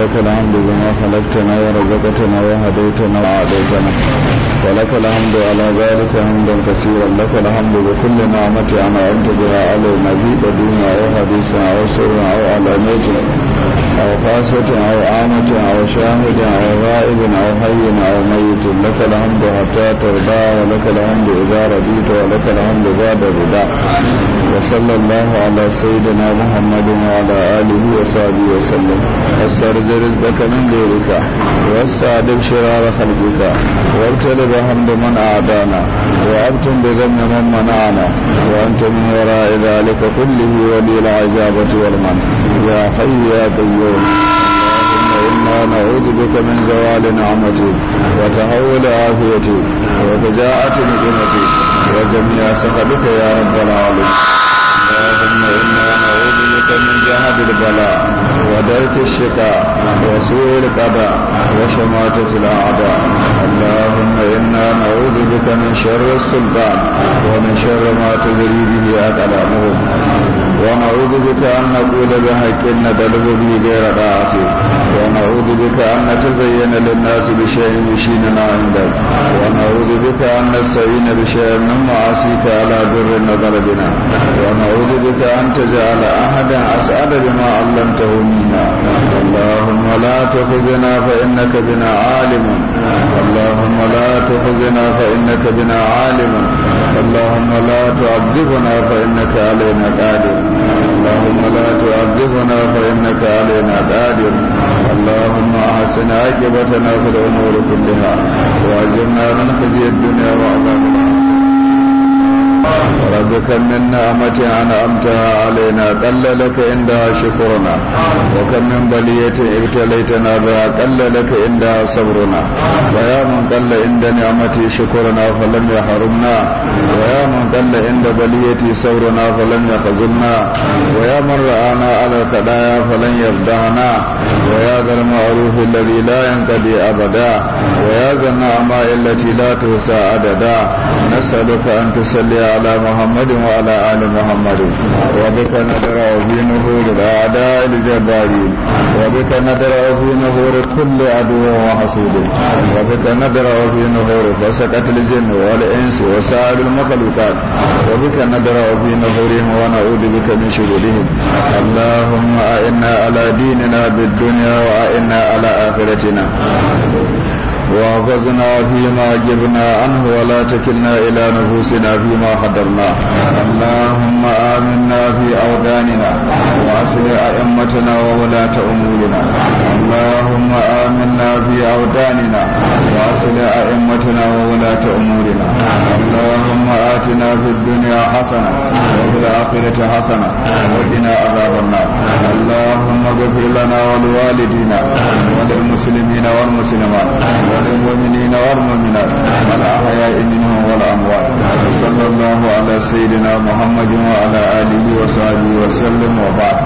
لك الحمد بما خلقتنا ورزقتنا وهديتنا وعاديتنا ولك الحمد على ذلك حمدا كثيرا لك الحمد بكل نعمة أنعمت بها علينا في قديم أو حديث أو سر أو علانية أو قاسة أو عامة أو شاهد أو غائب أو حي أو ميت لك الحمد حتى ترضى ولك الحمد إذا رضيت ولك الحمد بعد الرضا وصلى الله على سيدنا محمد وعلى آله وصحبه وسلم أسترد رزقك من ديرك والسعد شرار خلقك وابتل بحمد من أعدانا وأبتم بذنب من منعنا وأنت من وراء ذلك كله ولي العجابة والمن يا حي يا قيوم يقول اللهم إنا نعوذ بك من زوال نعمتك وتهول عافيتك وفجاءة نقمتك وجميع سخطك يا رب العالمين اللهم إنا نعوذ نجيت من جهاد البلاء ودرك الشقاء وسوء القضاء وشماتة الأعداء اللهم إنا نعوذ بك من شر السلطان ومن شر ما تدري به أقلامهم ونعوذ بك أن نقول بحق ندلب به غير طاعته ونعوذ بك أن نتزين للناس بشيء يشيننا عندك ونعوذ بك أن نستعين بشيء من معاصيك على در نظر بنا ونعوذ بك أن تجعل أحدا أسأل بما علمته منا اللهم لا تخزنا فإنك بنا عالم اللهم لا تخزنا فإنك بنا عالم اللهم لا تعذبنا فإنك علينا قادر اللهم لا تعذبنا فإنك علينا قادر اللهم أحسن عاقبتنا في الأمور كلها وأجرنا من خزي الدنيا وعذاب الآخرة رب كم من نعمة أنعمتها علينا قل لك عندها شكرنا وكم من بلية ابتليتنا بها قل لك عندها صبرنا ويا من قل عند نعمتي شكرنا فلم يحرمنا ويا من قل عند بليتي صبرنا فلم يخذلنا ويا من رآنا على الخدايا فلن يفدعنا ويا ذا المعروف الذي لا ينقضي أبدا ويا ذا النعماء التي لا تحصى عددا نسألك أن تصلي على محمد وعلى آل محمد وبك ندرع في نهور الأعداء الجبارين وبك ندرع في نهور كل عدو وحسود وبك ندرع في نهور فسكة الجن والإنس وسائر المخلوقات وبك ندرع في نهورهم ونعوذ بك من شرورهم اللهم أئنا على ديننا بالدنيا وأئنا على آخرتنا وافزنا فيما جبنا عنه ولا تكلنا إلى نفوسنا فيما قدرنا اللهم آمنا في أوداننا واصل أئمتنا وولاة أمورنا اللهم آمنا في أوداننا واصل أئمتنا وولاة أمورنا اللهم آتنا في الدنيا حسنة وفي الآخرة حسنة وقنا عذاب النار اللهم اغفر لنا ولوالدينا وللمسلمين والمسلمات وللمؤمنين والمؤمنات الأحياء منهم والأموات صلى الله على سيدنا محمد وعلى آله وصحبه وسلم وبعد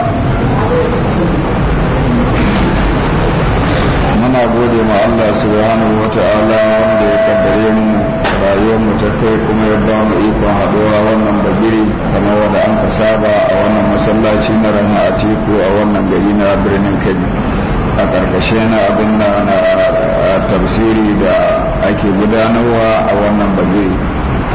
muna gode ma Allah subhanahu wa ta'ala wanda ya kaddare mu rayuwar mu ta kai kuma ya bamu ikon haɗuwa wannan biri kama wanda an saba a wannan masallaci na rana a teku a wannan gari na birnin Kebbi a na abin da na tafsiri da ake gudanarwa a wannan bagiri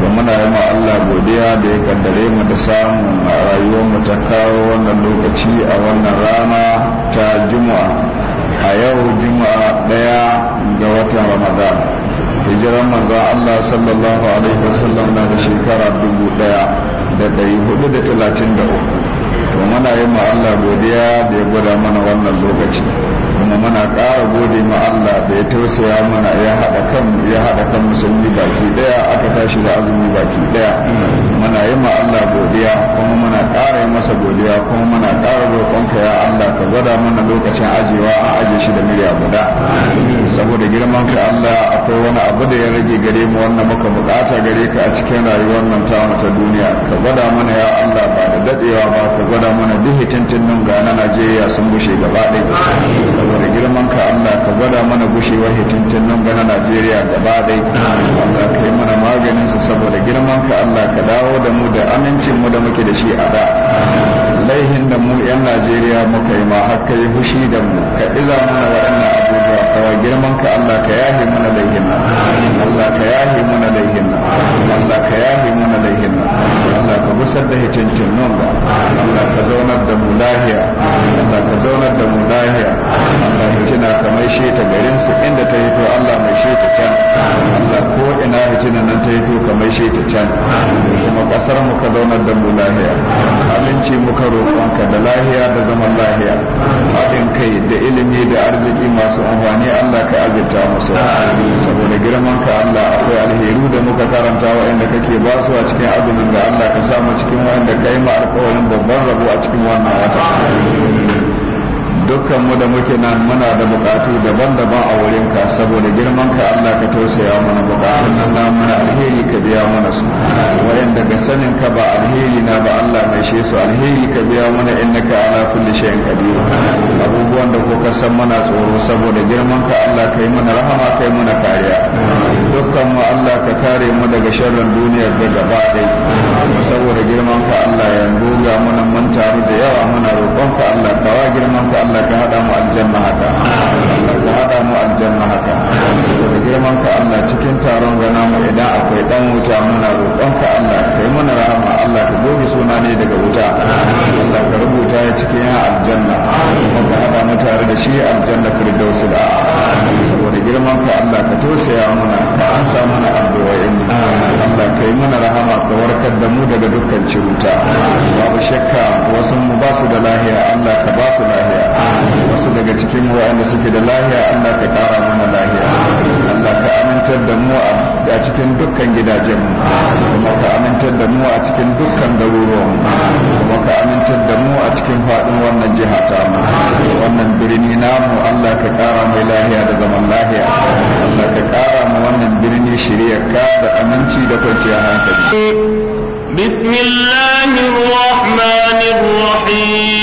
to muna yi Allah godiya da ya kaddare mu da samun a mu ta kawo wannan lokaci a wannan rana ta juma'a a yau juma'a ɗaya ga watan ramadan hijiran manzon Allah sallallahu alaihi wasallam na da shekara dubu ɗaya da ɗari hudu da talatin da uku muna yi ma Allah godiya da ya gwada mana wannan lokaci kuma muna ƙara gode ma Allah da ya tausaya mana ya haɗa kan ya haɗa kan musulmi baki ɗaya aka tashi da azumi baki ɗaya muna yi ma Allah godiya kuma muna ƙara yi masa godiya kuma muna ƙara roƙonka ya Allah ka gwada mana lokacin ajewa a aje shi da miliya guda saboda girman ka Allah akwai wani abu da ya rage gare mu wannan muka bukata gare ka a cikin rayuwar nan ta ta duniya ka gwada mana ya Allah ba da dadewa ba ka gwada mana mu duk nan ga na Najeriya sun bushe gaba ɗaya saboda girman gwada mana gushewar hitintin nan gana Najeriya gaba dai Allah kai mana maganin su saboda girman ka Allah ka dawo da mu da amincin mu da muke da shi a da laihin da mu yan Najeriya muka yi ma har kai hushi da mu ka iza mana waɗannan abubuwa kawa girman ka Allah ka yahi mana laihin nan Allah ka yahi mana laihin nan Allah ka yahi mana laihin nan Allah ka busar da hitintin nan ba Allah ka zaunar da mu lahiya Allah ka zaunar da mu lahiya Allah ka tuna kamar shi maishe ta garin su inda ta hito Allah ta can Allah ko ina hajjina nan ta hito ka maishe ta can kuma kasar mu ka zaunar da mu lahiya aminci muka roƙonka da lahiya da zaman lahiya haɗin kai da ilimi da arziki masu amfani Allah ka azirta musu saboda girman ka Allah akwai alheru da muka karanta wa'anda kake ba su a cikin azumin da Allah ka samu cikin wa'anda ka yi ma alƙawarin babban rabo a cikin wannan wata dukkan mu da muke nan muna da bukatu daban-daban a wurin ka saboda girman ka Allah ka tausaya mana bukatun nan na mana alheri ka biya mana su wayan daga sanin ka ba alheri na ba Allah mai she su alheri ka biya mana innaka ala kulli shay'in qadir abubuwan da kuka san muna tsoro saboda girman ka Allah kai mana rahama kai mana kariya dukkan mu Allah ka kare mu daga sharrin duniyar da gaba dai saboda girman ka Allah ya ga mana mun taru da yawa muna roƙon ka Allah kawa girman ka Allah ka hada mu aljanna haka Allah ka hada mu aljanna haka da girman ka Allah cikin taron gana mu idan akwai dan wuta muna roƙon ka Allah kai mana rahama Allah ka goge suna ne daga wuta Allah ka rubuta ya cikin ya aljanna amin ka hada mu tare da shi aljanna firdausul a'a saboda girman ka Allah ka tausaya muna ka ansa mana addu'o'in Allah kai mana rahama ka warkar da mu daga dukkan ciwuta babu shakka wasu mu ba su da lahiya Allah ka ba su lahiya wasu daga cikin waɗanda suke da lahiya Allah ka ƙara mana lahiya Allah ka amintar da mu a cikin dukkan gidajen mu kuma ka amintar da mu a cikin dukkan garuruwan mu kuma ka amintar da mu a cikin faɗin wannan jiha ta mu wannan birni namu Allah ka ƙara mai lahiya da zaman lahiya Allah ka ƙara mu wannan birni shirya ka da aminci da kwanciyar hankali بسم الله الرحمن الرحيم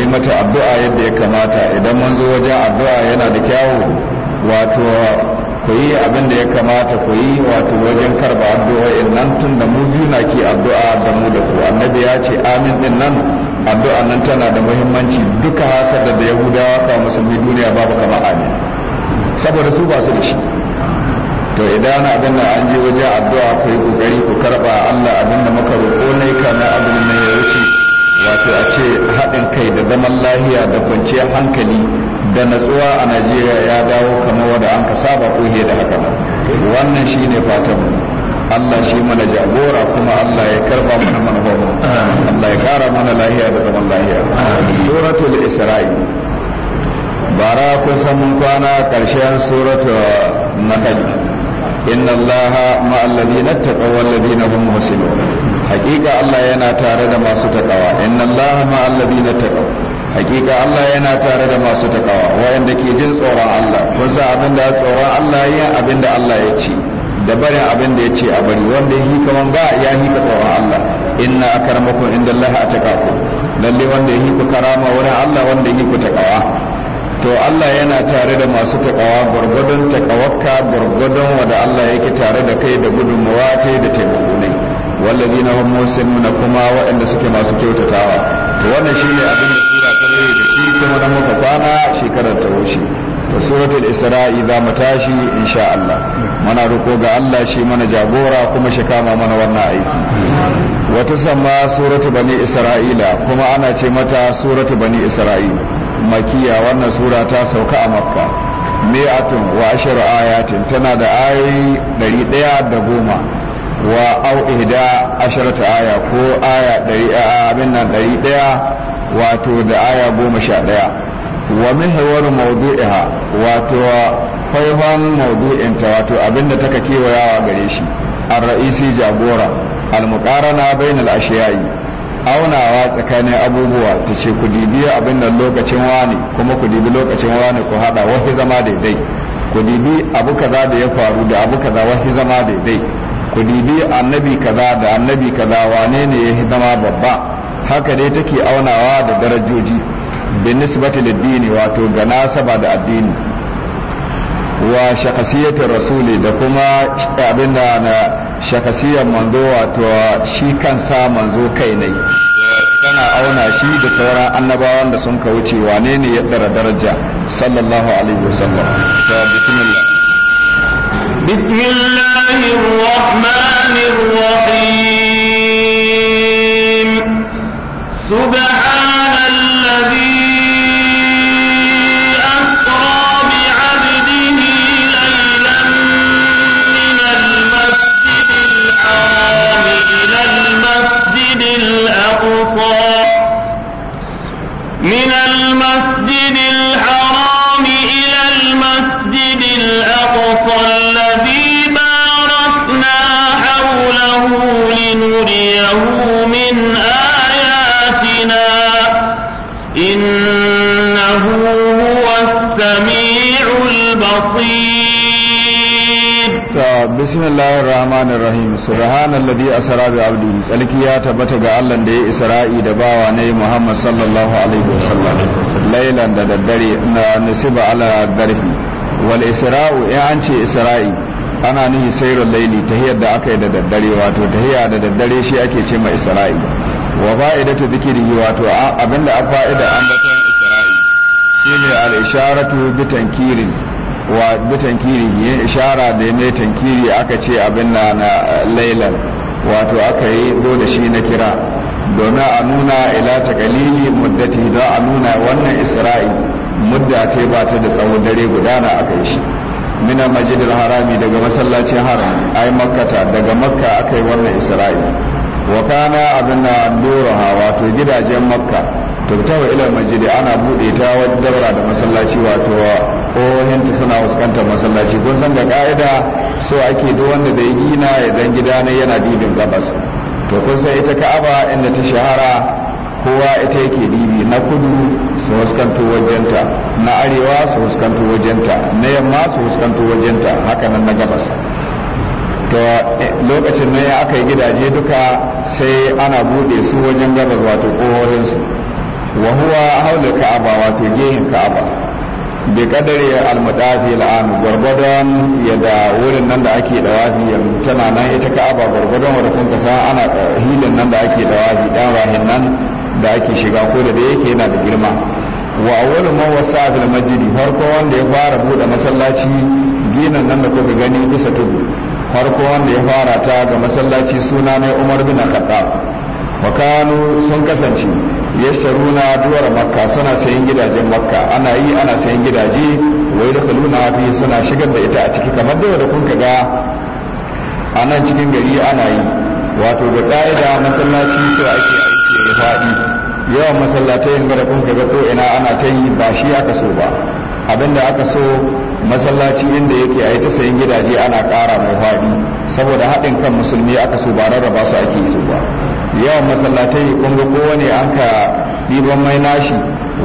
yi mata addu'a yadda ya kamata idan mun zo wajen addu'a yana da kyawu wato ku yi abin da ya kamata ku yi wato wajen karba addu'a in nan tun da mu biyu ke addu'a da mu da ku annabi ya ce amin din nan addu'a nan tana da muhimmanci duka hasar da yahudawa ka musulmi duniya babu kama amin saboda su ba su da shi to idan abin da an je wajen addu'a ku yi kokari ku karba Allah abin da muka roƙo ne kana abin da ya wuce wato a ce haɗin kai da zaman lahiya da kwanciyar hankali da natsuwa a najeriya ya dawo kamar wanda an ka saba kohe da haka wannan shi ne fatanmu Allah shi mana jagora kuma Allah ya karba mana manufarmu Allah ya kara mana lahiya da zaman lahiya suratul isra'i bara kun san mun kwana karshen suratul nahl inna allaha ma'al ladina taqaw wal ladina hum muhsinun haqiqa Allah yana tare da masu takawa inna allaha ma'al ladina taqaw haqiqa Allah yana tare da masu takawa wayanda ke jin tsoron Allah kun san abin da tsoron Allah ya abin da Allah ya ce da barin abin da ya ce a bari wanda ya hika wanga ya hika tsoron Allah inna akramakum indallahi ataqakum lalle wanda ya hika karama wurin Allah wanda ya hika takawa to Allah yana tare da masu takawa gwargwadon takawakka gwargwadon wanda Allah yake tare da kai da gudunmawa ta da taimako ne wallazi na musulmuna kuma waɗanda suke masu kyautatawa to wannan shine abin da sura ta zai da shi kuma na muka kwana shekarar ta wuce to suratul isra'i za mu tashi insha Allah mana roko ga Allah shi mana jagora kuma shi kama mana wannan aiki wata sama suratu bani isra'ila kuma ana ce mata suratu bani isra'ila makiya wannan sura ta sauka a makka mi'atun wa ashiru ayatin tana da ayi dari daya da goma wa au ihda asharata aya ko aya a abin nan dari daya wato da aya goma sha daya wa mihawar iha wato faifan inta wato abin da taka kewayawa gare shi ar-ra'isi jagora al-muqarana bainal ashiyai aunawa tsakanin abubuwa ta ce ku dibi abin nan lokacin wani kuma ku dibi lokacin wani ku hada wahi zama daidai ku dibi abu kaza da ya faru da abu kaza wahi zama daidai ku dibi annabi kaza da annabi kaza wane ne ya zama babba haka dai take aunawa da darajoji bin nisbati lid wato ga nasaba da addini wa shakasiyatin rasuli da kuma eh, abin da na shakasiyar manzo wato shi kansa manzo kai ne kana auna shi da sauran annabawan da sun ka wuce wane ne ya dara daraja sallallahu alaihi wasallam ta bismillah bismillahir rahmanir rahim bismillahir rahmanir rahim subhanalladhi asra bi abdihi tsalki ya tabbata ga Allah da ya isra'i da bawa ne Muhammad sallallahu alaihi wasallam lailan da daddare na nusiba ala darfi isra'u ya an ce isra'i ana nihi sayrul laili tahiyar da aka yi da daddare wato tahiya da daddare shi ake ce ma isra'i wa fa'idatu dhikrihi wato abinda a fa'ida an batun isra'i shine al isharatu bi tankirin wa tankiri yin ishara da ya mai tankiri aka ce abin na lailan wato aka yi dole shi na kira domin a nuna ila kalili muddati don a nuna wannan isra'i mudda ta ba ta da tsawon dare gudana aka yi shi mina majidil harami daga masallacin haram ai makkata daga makka aka yi wannan isra'i wa kana abin na doroha wato gidajen makka tuftawa ila majidi ana bude ta dabara da masallaci wato kohin ta suna fuskantar masallaci kun san ga ka'ida so ake duk wanda bai gina ya dan gida ne yana dibin gabas to kun san ita ka'aba inda ta shahara kowa ita yake dibi na kudu su fuskanto wajenta na arewa su fuskanto wajenta na yamma su fuskanto wajenta haka nan na gabas to eh, lokacin ne ya aka yi gidaje duka sai ana bude su wajen gabas wato kohohinsu wa huwa haula ka'aba wato gehen ka'aba bi kadari al-mudafi al-an yadda wurin nan da ake dawafi yanzu tana nan ita ka'aba gurgudan wanda kun ana eh, hilin nan da ake dawafi dan rahin nan da ake shiga ko da yake yana da girma wa awwalu man wasa farko wanda ya fara bude masallaci ginan nan da kuka gani bisa tudu farko wanda ya fara ta ga masallaci suna ne Umar bin Khattab wa kanu sun kasance na duwar makka suna sayan gidajen makka ana yi ana sayan gidaje da kaluna fi suna shigar da ita a ciki kamar da wanda kun ga a nan cikin gari ana yi wato ga ka'ida masallaci su ake aiki da faɗi yawan masallatai yin gara kun ga ko ina ana ta yi ba shi aka so ba abinda aka so masallaci inda yake a yi ta sayan gidaje ana ƙara mai faɗi saboda haɗin kan musulmi aka so ba rarraba su ake yi so ba yawan masallatai kun ga kowane an ka ɗiban mai nashi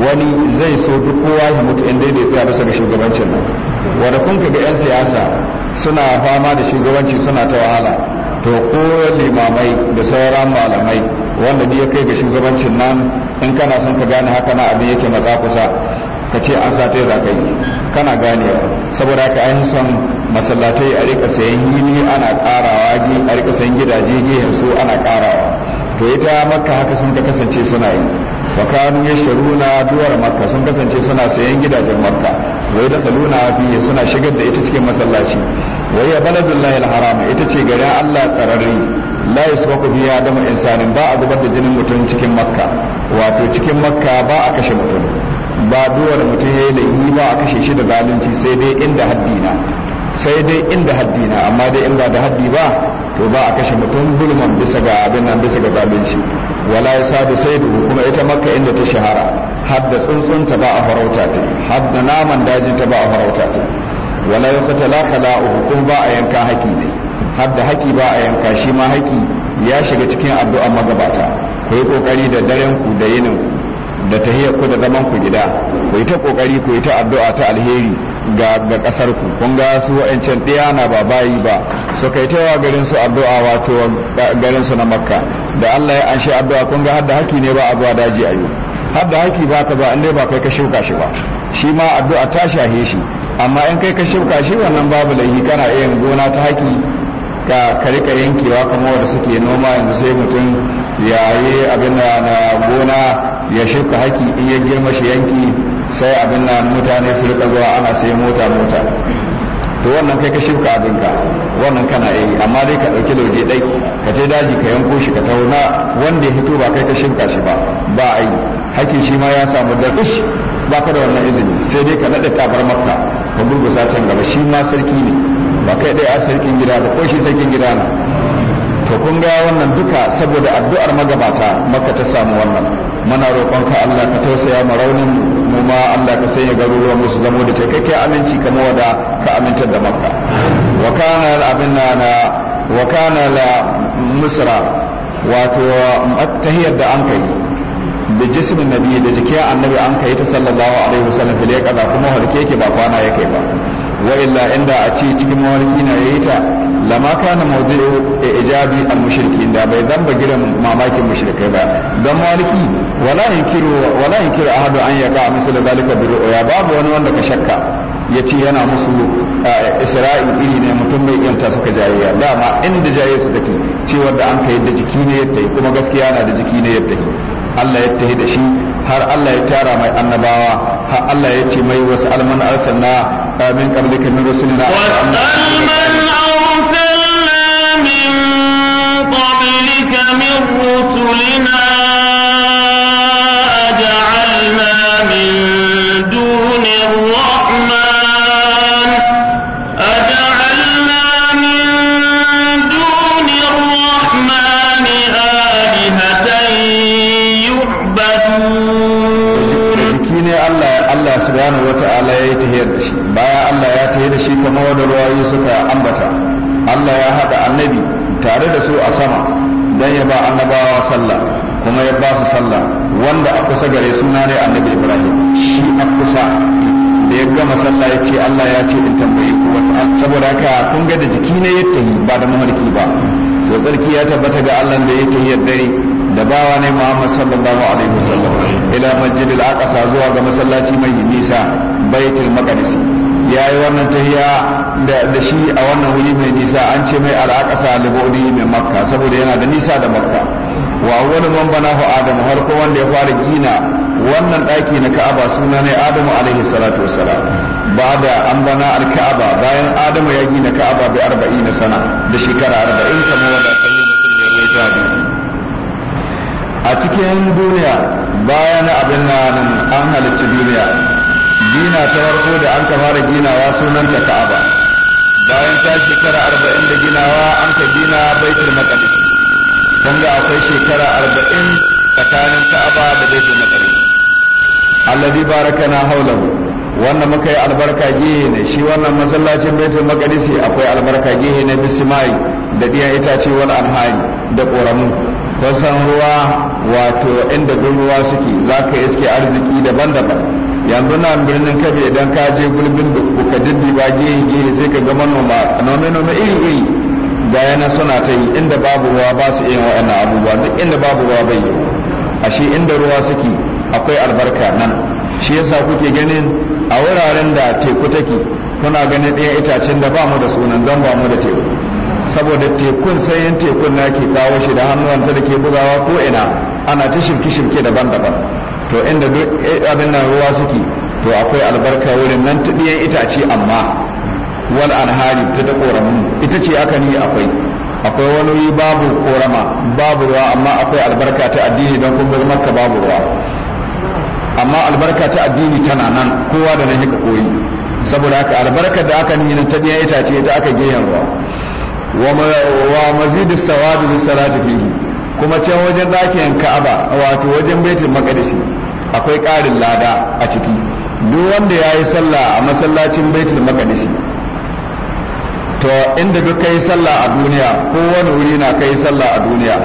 wani zai so duk kowa ya mutu in daidai tsaya bisa ga shugabancin nan wanda kun ga 'yan siyasa suna fama da shugabanci suna ta wahala to ko limamai da sauran malamai wanda ya kai ga shugabancin nan in kana son ka gane haka na abin yake matsa kusa ka ce an sa ta yi kana gane saboda haka an son masallatai a rika sayan hili ana karawa a rika sayan gidaje gehen ana karawa to ita makka haka sun ka kasance suna yi wa kanu na duwar makka sun kasance suna sayan gidajen makka da kaluna fihi suna shigar da ita cikin masallaci wai ya baladullahi alharam ita ce garin Allah tsararri la yasbaqu biya dama insanin ba a zubar da jinin mutum cikin makka wato cikin makka ba a kashe mutum ba duwar mutum yayi laifi ba a kashe shi da zalunci sai dai inda haddina sai dai inda haddi na amma dai in ba da haddi ba to ba a kashe mutum gulman bisa ga abin nan bisa ga zalunci wala ya da sai da kuma ita makka inda ta shahara har da tsuntsun ta ba a farauta ta har da naman daji ta ba a farauta ta wala ya kata lakala hukum ba a yanka haki ne har da haki ba a yanka shi ma haki ya shiga cikin addu'a magabata ku yi kokari da daren ku da yinin da tahiyar ku da zaman ku gida ku yi ta kokari ku yi ta addu'a ta alheri ga kasar ku kun ga su wa'ancan diyana na ba bayi ba su kai taiwa garin su addu'a wato garin su na makka da Allah ya anshi addu'a kun ga hadda haki ne ba a zuwa daji ayo hadda haki ba ka ba inda ba kai ka shuka shi ba shi ma addu'a ta shahe shi amma in kai ka shuka shi wannan babu laifi kana iya gona ta haki ka ka rika yankewa kamar wanda suke noma yanzu sai mutum ya yi da na gona ya shuka haki in ya girma shi yanki sai abin na mutane su rika zuwa ana sai mota mota to wannan kai ka shifka abinka wannan kana yi amma dai ka ɗauki lauje ɗai ka je daji ka yanko shi ka tauna wanda ya hito ba kai ka shifka shi ba ba a yi hakkin shi ma ya samu darɗish ba ka da wannan izini sai dai ka naɗa tabar makka ka gurgusa can gaba shi ma sarki ne ba kai ɗaya a sarkin gida ba ko shi sarkin gida na to kun ga wannan duka saboda addu'ar magabata makka ta samu wannan muna roƙonka Allah ka tausaya mu raunin mu kuma Allah ka sanya garuruwan musu zamo da cikakken aminci kamar wada ka amintar da makka wa kana abin na wa kana la musra wato tahiyar da an kai da jismin nabi da jikin annabi an kai ta sallallahu alaihi wasallam fil yaqada kuma halke ke ba kwana yake ba wa illa inda a ce cikin mawarki na yayi ta lama kana mawdu'u ijabi al mushrikin da bai zamba gidan mamakin mushrikai ba dan maliki wala yankiru wala yankiru ahadu an yaqa misal zalika bi ru'ya babu wani wanda ka shakka ya ce yana musu isra'i iri ne mutum mai yanta suka jayayya dama inda jayayya su take cewar da an kai da jiki ne yadda kuma gaskiya na da jiki ne yadda Allah ya tahi da shi har Allah ya tara mai annabawa har Allah ya ce mai wasu alman arsalna min qablika min rusulina wasu alman قبلك من رسلنا أجعلنا من دون الرحمن أجعلنا من دون الرحمن آلهة يعبدون الله سبحانه وتعالى يتهيد بايا الله يتهيد شيء كما ودروا يوسف أنبتا Allah ya haɗa annabi tare da su a sama don ya ba annabawa sallah kuma ya ba su sallah wanda a kusa gare suna ne annabi ibrahim shi a kusa da ya gama sallah ya ce allah ya ce in tambaye ku wasu saboda haka kun ga da jiki ne ya yi ba da mamarki ba to tsarki ya tabbata ga allah da ya tahi dare da bawa ne muhammad sallallahu alaihi wasallam ila masjidil aqsa zuwa ga masallaci mai nisa baitul maqdis ya yi wannan tahiya da shi a wannan wuri mai nisa an ce mai al'akasa libodi mai makka saboda yana da nisa da makka wa wani man bana fa adamu har ko wanda ya fara gina wannan ɗaki na ka'aba suna ne adamu alaihi salatu wassalam ba da an bana al-ka'aba bayan adamu ya gina ka'aba bi na sana da shekara arba'in kamar wanda sai mutum ya rawaita hadisi a cikin duniya bayan abin nan an halicci duniya gina ta farko da an ka fara ginawa sunanta ka'aba bayan ta shekara arba'in da ginawa an ka gina baitul maqdis kun ga akwai shekara arba'in tsakanin ka'aba da baitul maqdis alladhi barakana hawlahu wannan muka yi albarka gehe ne shi wannan masallacin baitul maqdis akwai albarka gehe ne bismai da diyan itace wal anhani da koramu kusan ruwa wato inda ruwa suke zaka iske arziki daban-daban yanzu nan birnin kabe idan ka je gulbin da ka ba gehe gehe sai ka ga manoma nome nome iri iri ga yana suna ta yi inda babu ruwa ba su iya waɗannan abubuwa duk inda babu ruwa bai yi a shi inda ruwa suke akwai albarka nan shi yasa kuke ganin a wuraren da teku take kuna ganin ɗaya itacen da ba mu da sunan don ba mu da teku saboda tekun sayan tekun na ke kawo shi da hannuwanta da ke bugawa ko ina ana ta shirke-shirke daban-daban to inda duk eh, abin nan ruwa suke to akwai albarka wurin nan ta ɗiyan itace amma wal anhari ta da ƙoramu ita ce aka ni akwai akwai wani babu korama babu ruwa amma akwai albarka ta addini don kun zama ka babu ruwa amma albarka ta addini tana nan kowa da nan yake koyi saboda haka albarka da aka nan ta biya itace ita aka gehen ruwa wa mazidus sawabi bis salati fihi kuma can wajen dakin ka'aba wato wajen baitul maqdis akwai ƙarin lada a ciki duk wanda ya yi sallah a masallacin baitul maqdisi to inda duk kai sallah a duniya ko wani wuri na kai sallah a duniya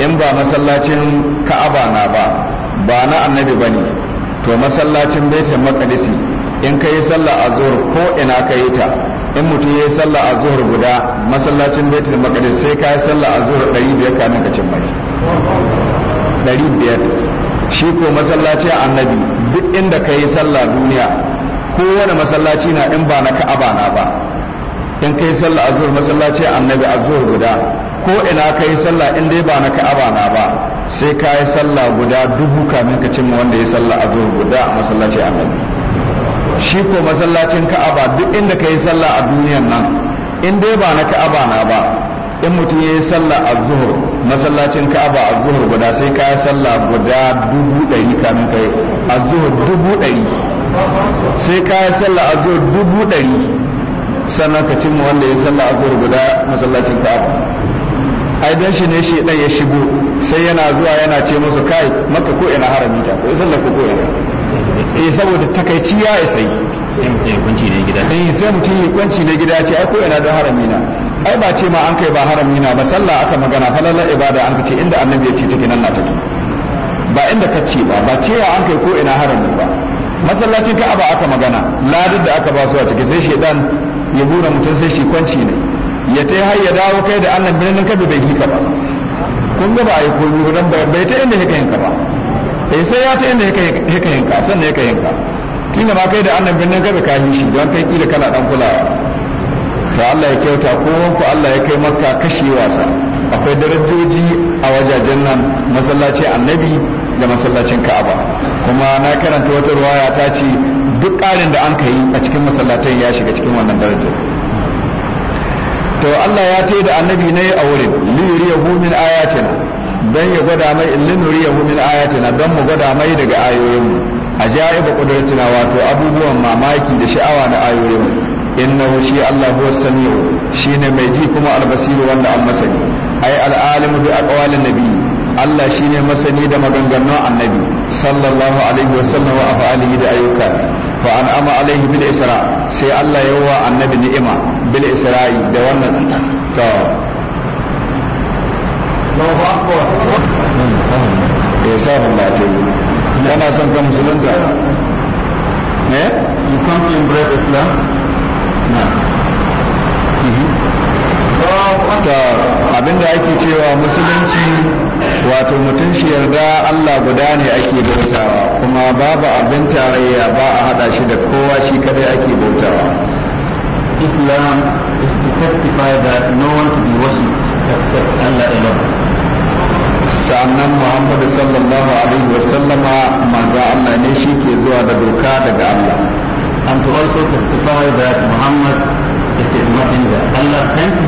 in ba masallacin ka'aba na ba ba na annabi bane to masallacin baitul maqdisi in kai sallah a zuhur ko ina kai ta in mutum ya yi sallah a zuhur guda masallacin baitul maqdis sai ka yi sallah a zuhur 500 kamin ka cin mai biyar. shi ko masallaci annabi duk inda ka yi sallah duniya kowane masallaci na in ba na ka'aba na ba in ka yi sallah azhar masallaci annabi azhar guda ko ina ka yi sallah in dai ba na ka'aba na ba sai ka yi sallah guda dubu kamin ka cimma wanda ya sallah azhar guda a masallaci annabi shi ko masallacin ka'aba duk inda ka yi sallah a duniyan nan in dai ba na ka'aba na ba in mutum ya yi sallah a zuhur masallacin ka'aba a zuhur guda sai ka yi sallah guda dubu ɗari kamin ka yi a zuhur dubu ɗari sai ka yi sallah a zuhur dubu ɗari sannan ka cimma wanda ya yi sallah a zuhur guda masallacin ka'aba ai dan shi ne shi ɗan ya shigo sai yana zuwa yana ce musu kai maka ko ina harami ta ko sallah ko ina eh saboda takaici ya isa yi sai mutum ya kwanci ne gida eh, ce ai ko ina don haramina. na ai ba ce ma an kai ba haram yana ba sallah aka magana falalar ibada an ce inda annabi ya ce take nan na take ba inda ka ce ba ba ce ya an kai ko ina haram ba masallacin ba aka magana ladar da aka ba su a ciki sai shedan ya bura mutum sai shi kwanci ne ya tai har ya dawo kai da annan birnin ka bai hika ba kun ga ba a yi komi don bai ta inda hika yinka ba eh sai ya ta inda hika yinka sannan hika yinka kina ma kai da annan birnin kabi ka yi shi don kai kila kana dan kulawa to Allah ya kyauta ko ku Allah ya kai maka kashe wasa akwai darajoji a wajajen nan masallaci annabi da masallacin ka'aba kuma na karanta wata ruwaya ta ce duk ƙarin da an ka a cikin masallatan ya shiga cikin wannan darajar to Allah ya tai da annabi ne a wurin ya min ayatina dan ya gwada mai ya min ayatina dan mu gwada mai daga ayoyinmu ajaiba qudratina wato abubuwan mamaki da sha'awa na ayoyinmu innahu shi Allah huwa samiu shine mai ji kuma albasiru wanda an masani ai al'alim bi aqwalin nabi Allah shine masani da maganganun annabi sallallahu alaihi wa sallam wa afalihi da ayyuka fa an'ama alaihi bil isra sai Allah ya ta yi eh, son ka musulunta ne eh? you embrace Islam ta abinda ake cewa musulunci wato mutum shi yarda Allah guda ne ake bautawa kuma babu abin tarayya ba a hada shi da kowa shi kadai ake bautawa Islam is to testify that no one to be worshipped except Allah alone sannan Muhammadu sallallahu alaihi wasallama manzo Allah ne shi ke zuwa da doka daga Allah and to also testify that Muhammad is his messenger. Allah sent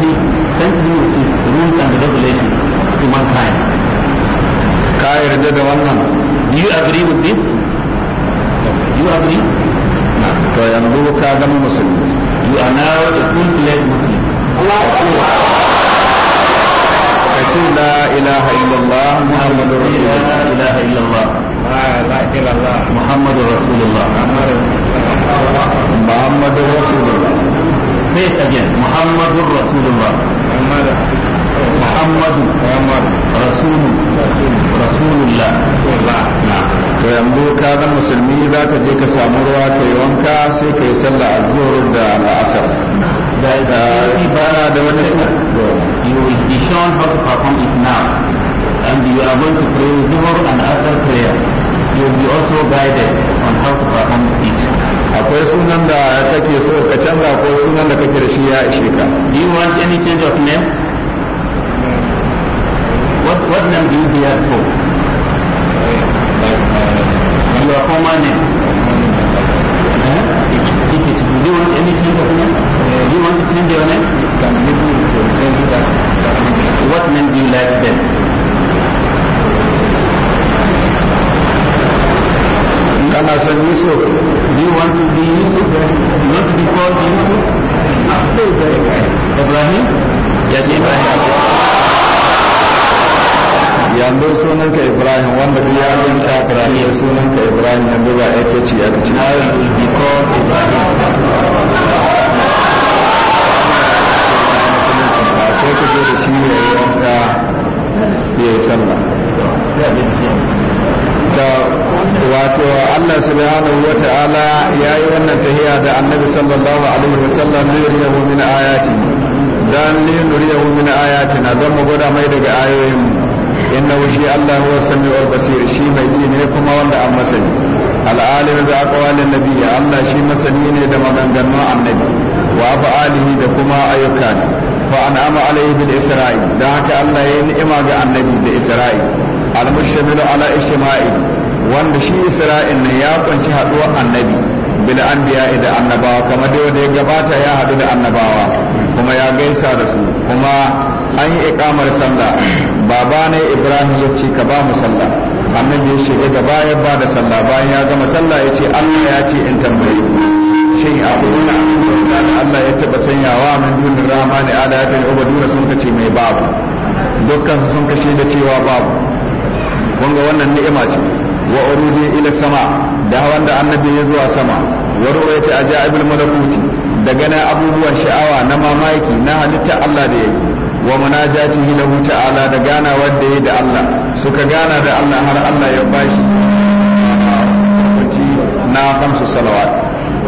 Ka da wannan? Do you agree with this? Do you agree? ka You are now a full-fledged Muslim. Allah su la ilaha فيتجن محمد رسول الله محمد محمد رسول رسول الله to yanzu ka zan musulmi za ka je ka samu ruwa ka yi wanka sai ka yi sallah azhar da al'asar da wani you will be shown how to perform it now and you are going to pray zuhur and asr prayer you will be also guided on how to perform it akwai sunan da kake so ka canza ko sunan da kake da shi ya ishe ka do you want any change of name what what name do you for uh, your former name do you want any change of name do you want to change your name what name do you like then سر ویسو وی وانٹ ٹو بیمر سونا کہ ابراہیم ونیال کیا کرانی سونا کہ ابراہیم نندوبا ایچ ایچ ارچنال subhanahu wa ta'ala ya yi wannan tahiya da annabi sallallahu alaihi wa sallam wasallam liyuriyahu min ayati dan ne liyuriyahu min na don mu goda mai daga ayoyin innahu shi Allah huwa samiul basir shi mai ji ne kuma wanda an masani al'alim da aqwalin nabi Allah shi masani ne da maganganun annabi wa af'alihi da kuma ayyuka fa an'ama alaihi bil isra'i da haka Allah ya yi ni'ima ga annabi da isra'i al-mushamilu ala ijtima'i wanda shi isra'il ne ya kunshi haɗuwar annabi bil anbiya da annabawa kamar dai wanda ya gabata ya haɗu da annabawa kuma ya gaisa da su kuma an yi ikamar sallah baba ne ibrahim ya ce ka ba mu sallah annabi ya shiga da bayan ba da sallah bayan ya gama sallah ya ce allah ya ce in tambaye shin a wani da allah ya taɓa sanyawa min dunin rahmani adatan ubaduna sun kace mai babu dukkan sun kashe da cewa babu wanga wannan ni'ima ce wa urudi ila sama da hawan da annabi ya zuwa sama wa ru'yati ajaibul malakuti da ganin abubuwan sha'awa na mamaki na halitta Allah da yake wa munajatihi lahu ta'ala da gana wanda yayi da Allah suka gana da Allah har Allah ya bashi na kamsu salawat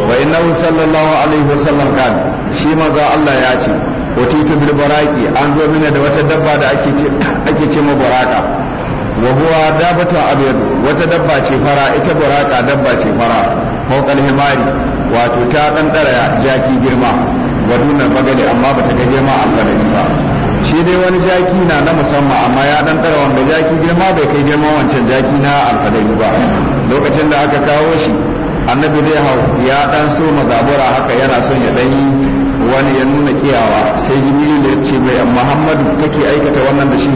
wa innahu sallallahu alaihi wasallam kan shi maza Allah ya ce wa titu bil baraki an zo mina da wata dabba da ake ce ake ce ma baraka wa huwa dabatun abyad wata dabba ce fara ita buraka dabba ce fara fawqal himari wato ta dan jaki girma bagali amma bata ga girma Allah da ba shi dai wani jaki na na musamman amma ya dan dara wanda jaki girma bai kai girma wancan jaki na alfadari ba lokacin da aka kawo shi annabi zai hau ya dan so mazabura haka yana son ya dan yi wani ya nuna kiyawa sai jibril ya ce mai muhammadu kake aikata wannan da shi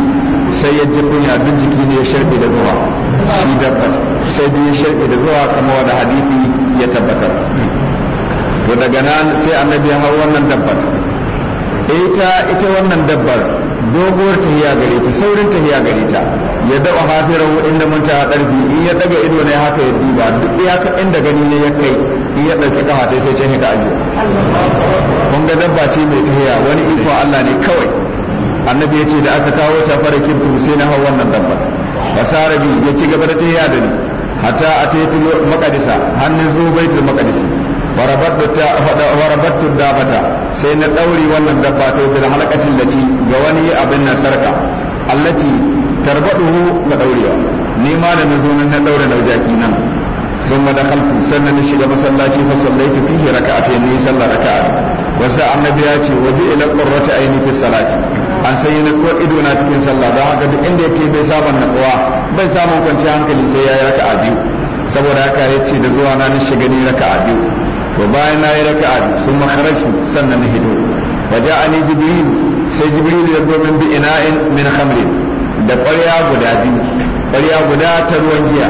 sai ya ji kunya duk jiki ne ya sharbe da zuwa shi dabbar sai duk ya sharbe da zuwa kuma wani hadithi ya tabbatar to daga nan sai annabi ya hau wannan dabbar ita ita wannan dabbar doguwar tahiya gare ta saurin tahiya gare ta ya daba hafirahu inda mun ta darbi in ya daga ido ne haka ya duba duk ya ka inda gani ne ya kai in ya dauki kafa sai sai ce haka aje Mun ga dabba ce mai tahiya wani iko Allah ne kawai annabi ce da aka kawo ta fara kintu sai na hau wannan dabba fasarabi ya ci gaba da ta yi tahiya hata a hatta ataitu maqdisa hannun zo baitul maqdis warabattu dabata sai na daure wannan dabba ta bil halaqatin lati ga wani abin na sarka allati tarbaduhu na daurewa ni ma da na zo na daure na jaki nan sun ma da kalfu sannan na shiga masallaci fa sallaitu fihi raka'atayn ni sallar raka'a wasa annabi ya ce waje ila qurrati aini fi salati an sai na ko ido na cikin sallah don haka duk inda yake bai samun natsuwa bai samun kwanciyar hankali sai ya yi a biyu saboda haka ya ce da zuwa na shiga ni a biyu to bayan na yi a biyu sun makarashu sannan na hido wa ja'ani jibril sai jibril ya gomin bi ina'in min khamri da ƙwarya guda biyu ƙwarya guda ta ruwan giya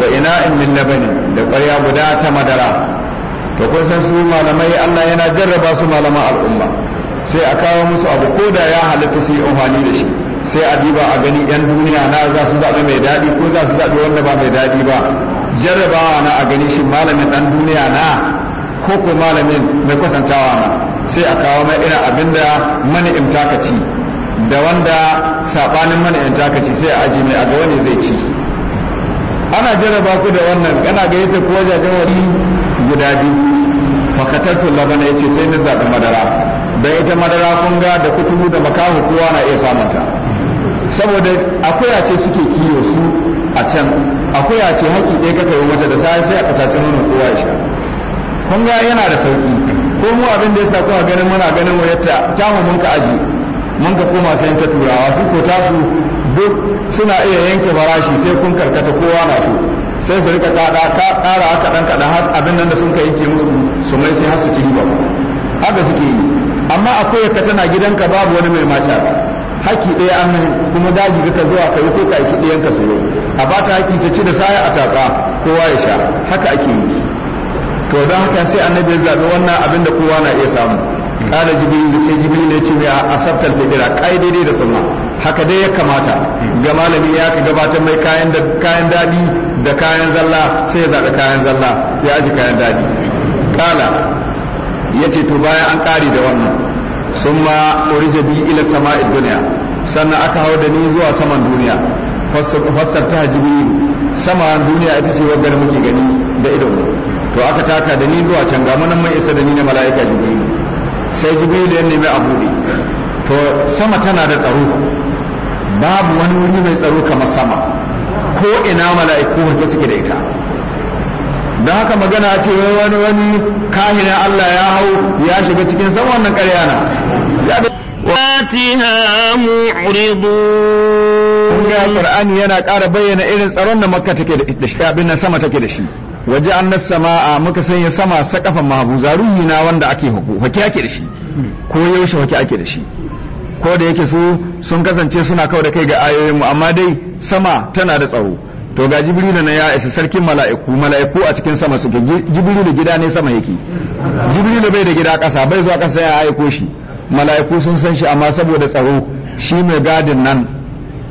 wa ina'in min labani da ƙwarya guda ta madara to kun san su malamai Allah yana jarraba su malaman al'umma sai a kawo musu abu ko da ya halatta su yi amfani da shi sai a diba a gani yan duniya na za su zaɓi mai daɗi ko za su zaɓi wanda ba mai daɗi ba jarrabawa na a gani shi malamin ɗan duniya na ko ko malamin mai kwatantawa na sai a kawo mai irin abinda mani in takaci da wanda saɓanin mani in takaci sai a aji mai a ga wani zai ci ana jarraba ku da wannan kana ga yadda ko wajajen wani guda biyu fakatattun labana ya ce sai na zaɓi madara da ita madara kun ga da kuturu da makahu kowa na iya samunta saboda akwai ce suke kiyo su a can akwai ce haƙi ɗaya kaka yi wata da sai sai a tace nuna kowa ya sha kun yana da sauki ko mu abin da ya sa a ganin muna ganin yadda ta mu mun ka aji mun ka koma sai ta turawa su ko su duk suna iya yanke farashi sai kun karkata kowa na su sai su rika kada ka kara haka dan kada abin nan da sun ka yanke musu su mai sai har su ci riba haka suke yi amma akwai ka tana gidanka babu wani mai mata haki ɗaya an kuma daji ka zuwa ka yi ko ka aiki ɗayan ka sayo a ba ta haki ta ci da saya a tatsa kowa ya sha haka ake yi to don haka sai annabi ya zaɓi wannan abin da kowa na iya samu kala jibril sai jibril ya ce a asabtal fidira kai daidai da sunna haka dai ya kamata ga malami ya ka gabatar mai kayan da kayan dadi da kayan zalla sai ya zaɓi kayan zalla ya aji kayan dadi kala yace to bayan an kare da wannan summa urija bi ila sama'id dunya sannan aka hawo da ni zuwa saman duniya fassar ta jibril sama duniya ita ce wadda muke gani da idon to aka taka da ni zuwa can ga manan mai isa da ni na mala'ika jibril sai jibril ya nemi a buɗe to sama tana da tsaro babu wani wuri mai tsaro kamar sama ko ina mala'iku wanda suke da ita da haka magana ce wani wani kahinin Allah ya hau ya shiga cikin san wannan ƙarya na واتها yana ƙara bayyana irin tsaron da makka take da shi abin nan sama take da shi waje an sama'a muka sanya sama sakafan mahabuza ruhi wanda ake hako hake ake da shi ko yaushe hake ake da shi ko da yake su sun kasance suna kawo da kai ga ayoyinmu amma dai sama tana da tsaro to ga jibrilu na ya isa sarkin mala'iku mala'iku a cikin sama suke jibrilu gida ne sama yake jibrilu bai da gida ƙasa bai zuwa ƙasa ya aiko shi mala'iku sun san shi amma saboda tsaro shi mai gadin nan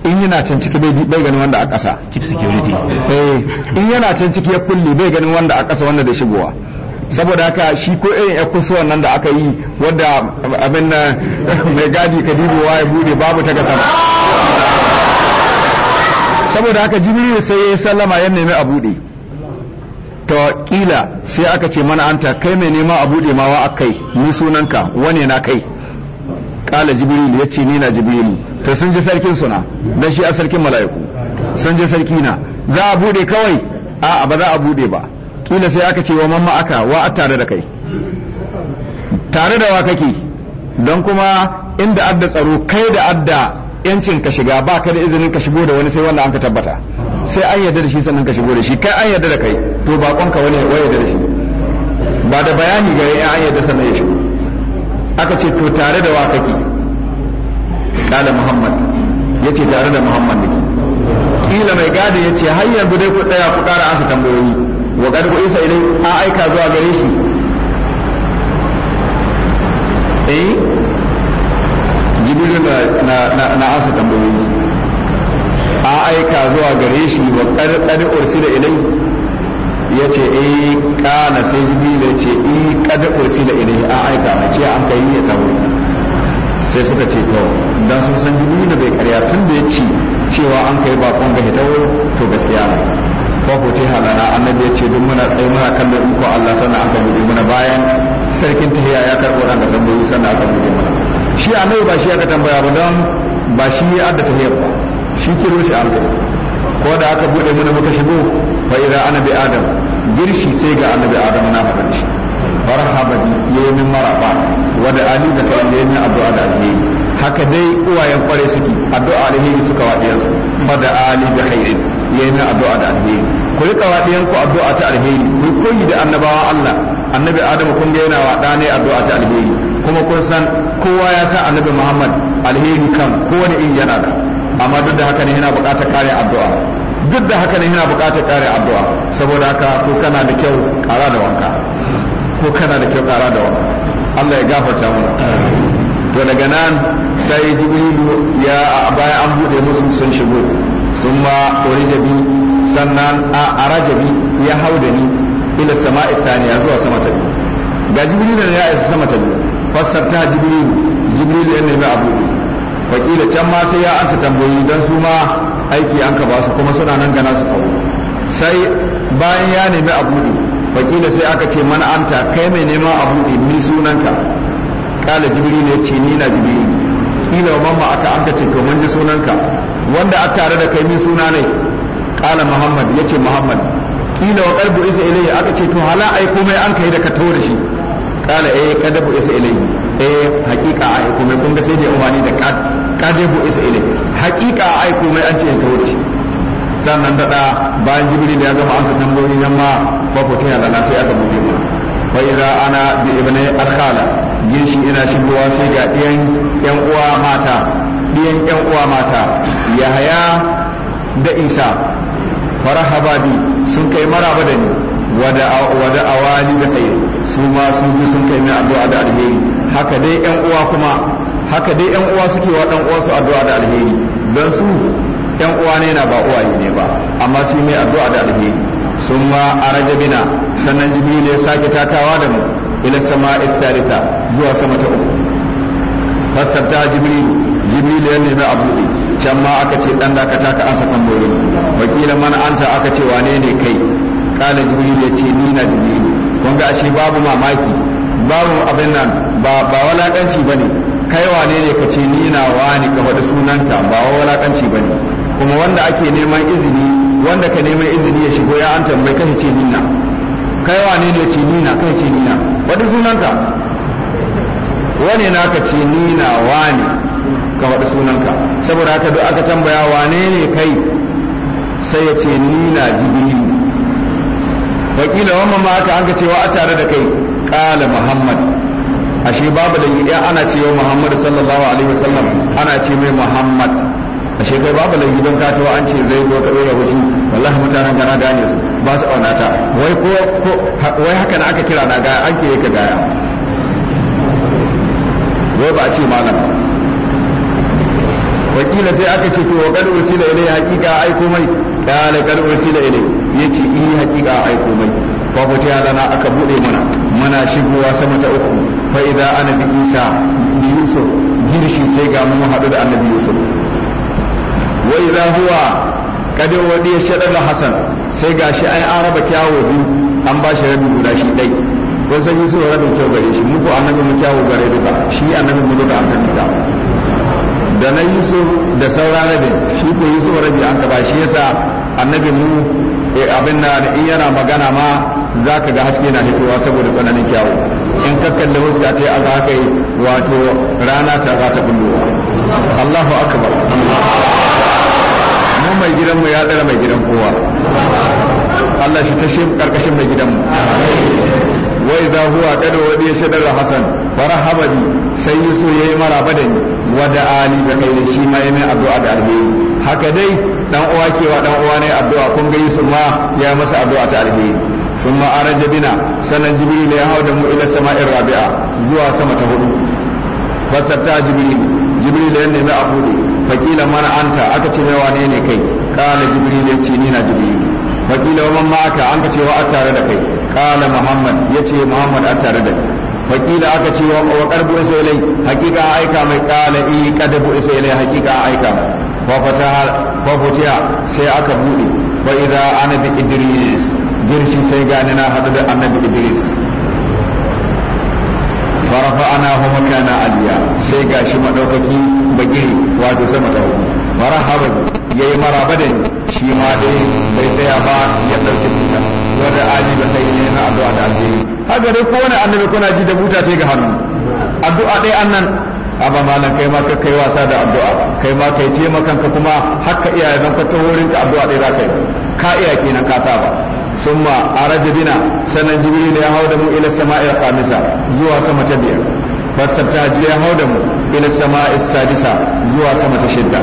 in yana can ciki bai ganin wanda a ƙasa eh, in yana can ciki ya kulle bai ganin wanda a ƙasa wanda da shigowa saboda haka shi ko irin ya kusuwan nan da aka yi wadda abin mai gadi ka kadibu ya bude babu ta ga sama saboda haka jibril sai ya sallama ya nemi a buɗe to kila sai aka ce mana anta kai mai nema a buɗe mawa a kai ni sunanka wane na kai kala jibril ya ce ni na jibril to sun ji sarkin suna dan shi a sarkin mala'iku sun ji sarki na za a buɗe kawai a'a ba za a buɗe ba kila sai aka ce wa mamma aka wa a tare da kai tare da wa kake don kuma inda adda tsaro kai da adda yancin ka shiga ba ka da izinin ka shigo da wani sai wanda an ka tabbata sai an yarda da shi sannan ka shigo da shi kai an yarda da kai to bakon ka wani wai yarda da shi ba da bayani ga ya an yarda sannan ya shigo aka ce to tare da wa kake kala muhammad yace tare da muhammad ne kila mai gadi yace har yanzu dai ku tsaya ku kara asa tambayoyi wa gadi ku isa ilai a aika zuwa gare shi gare shi wa qad ursila ilai ya ce eh kana sai jibi da ce eh qad ursila ilai a aika a ce an kai ya tawo sai suka ce to dan sun san jibi da bai karya tun da ya ce cewa an kai bakon ga hitawo to gaskiya ne ko ko ce halala annabi ya ce duk muna tsaye muna kallon iko Allah sannan aka mu muna bayan sarkin tahiya ya karbo ran da tambayi sannan aka mu muna shi annabi ba shi aka tambaya ba don ba shi ya adda tahiyar ba shi kiro shi an kai ko da aka bude mana muka shigo fa idza ana bi adam girshi sai ga annabi adam na faɗa shi marhaba bi yayin maraba wa da ali da tawalli yayin addu'a da alheri haka dai uwayen kware suke addu'a alheri suka wadiyansu fa da ali da khairin yayin addu'a da alheri ku rika wadiyanku addu'a ta alheri ku koyi da annabawa Allah annabi adam kun ga yana wada ne addu'a ta alheri kuma kun san kowa ya san annabi Muhammad alheri kan kowane in yana da amma duk da haka ne yana buƙatar kare addu'a duk da haka ne yana buƙatar kare addu'a saboda haka ko kana da kyau ƙara da wanka ko kana da kyau ƙara da wanka Allah ya gafarta mu to daga nan sai jibrilu ya baya an buɗe musu sun shigo sun ma orijabi sannan a arajabi ya hau da ni ila sama'i taniya zuwa sama ta biyu ga jibrilu ya isa sama ta biyu fassarta jibrilu jibrilu ya nemi abu wakila can ma sai ya ansa tambayoyi don su ma aiki an ka ba su kuma suna nan gana su kawo sai bayan ya nemi a buɗe wakila sai aka ce mana anta kai mai neman a buɗe ni sunanka kala jibiri ne ce ni na jibiri kila wa mamma aka an ka ce to mun ji sunanka wanda a tare da kai ni suna ne kala muhammad ya ce muhammad kila wa karbu isa ilayhi aka ce to hala ai komai an kai da ka tawo da shi kala eh kadabu isa ilayhi eh hakika a aiko mai kun ga sai dai umarni da kadai bu isa ile? hakika a aiko mai an ce ya wuce? shi sannan daɗa bayan jibiri da ya gama ansa tambayoyi yamma ma ba ku tuna lana sai aka buɗe mu fa idza ana bi ibni al-khala ginshi ina shigowa sai ga ɗiyan 'yan uwa mata ɗiyan ƴan uwa mata yahaya da isa farahaba bi sun kai maraba da ni wada wada awali da khair su ma sun bi sun kai mai addu'a da alheri haka dai yan uwa kuma haka dai yan uwa suke wa dan uwansu addu'a da alheri don su yan uwa ne na ba uwaye ne ba amma su mai addu'a da alheri sun ma araja bina sannan jibril ya sake takawa da mu ila sama'i thalitha zuwa sama ta uku fassarta jibril jibril ya nemi a buɗe can ma aka ce dan dakata ka ansa tambayoyi wakilan mana anta aka ce wane ne kai kala jibril ya ce ni na jibril kun ga ashe babu mamaki babu abin nan ba ba walakanci bane kai wane ne ka ce ni na wani ka faɗi sunanka ba walakanci bane kuma wanda ake neman izini wanda ka neman izini ya shigo ya an tambaye kai ce ni na kai wane ne ce ni na kai ce ni na faɗi sunanka wane na ka ce ni na wani ka faɗi sunanka saboda haka duk aka tambaya wane ne kai sai ya ce ni na jibrilu wakila wannan ma aka anka cewa a tare da kai kala muhammad ashe babu da ana cewa muhammad sallallahu alaihi wasallam ana ce mai muhammad ashe kai babu da gidan ka tawa an ce zai go ka dora wasu wallahi mutanen gana gane su ba su auna ta wai ko wai haka na aka kira na gaya an ke ka gaya wai ba a ce malam wakila sai aka ce to kadu kad ursila ilai haqiqa ai komai kana kad ursila ilai ce in eh, hakika a aiko mai fa futiya na aka bude mana mana shigowa sama ta uku fa idza ana bi isa bi yusuf girshi sai ga mu hadu da annabi yusuf wa idza huwa kad wadi da hasan sai gashi ai an raba kyawo biyu an ba shi rabi guda shi dai ko yi yusuf rabin kyau gare shi muku annabi mu kyawo gare duka shi annabi mu duka an ta da na yusuf da sauran rabin shi ko yusuf rabi an ka ba shi yasa annabi mu eh, abin na in yana magana ma za ka ga haske na fitowa saboda tsananin kyawu in ka kalli huska ta a za ka yi wato rana ta za ta bullowa Allahu akbar mu mai gidanmu ya tsara mai gidan kowa Allah shi ta shi karkashin mai gidanmu wai za huwa kada wani ya shaɗar da Hassan fara sai yi so ya yi maraba da ni wadda Ali da kai shi ma ya mai addu'a da alheri haka dai dan uwa kewa dan uwa ne addu'a kun ga ma ya yi masa addu'a ta alheri sun ma araja bina sannan Jibril ya hau da mu ila sama'in rabi'a zuwa sama ta hudu fassarta Jibril Jibril ya nemi a ne fakila mana anta aka ce mai wane ne kai kana Jibril ya ce ni na wakila wa mamma aka an ka cewa a tare da kai kala muhammad ya ce muhammad a tare da kai wakila aka ce wa karbu isa ilai hakika aika mai kala i kadabu isa ilai hakika aika fa sai aka buɗe wa idza ana bi idris girshi sai gani na da annabi idris farafa ana hu aliya sai gashi madaukaki bagiri wato sama ta hudu marhaban yayi maraba da ni shi ma dai bai tsaya ba ya dauke buta wanda aji ba sai ne na addu'a da alheri haka dai kowane annabi kuna ji da buta ce ga hannu addu'a dai annan amma malam kai ma kai wasa da addu'a kai ma kai ce makanka kuma hakka iyaye zan ka wurin ka addu'a dai za ka yi ka iya kenan ka saba summa araja bina sanan jibril ya hauda mu ila sama'il khamisa zuwa sama ta biyar fasabta ya hauda mu ila sama'is sadisa zuwa sama ta shidda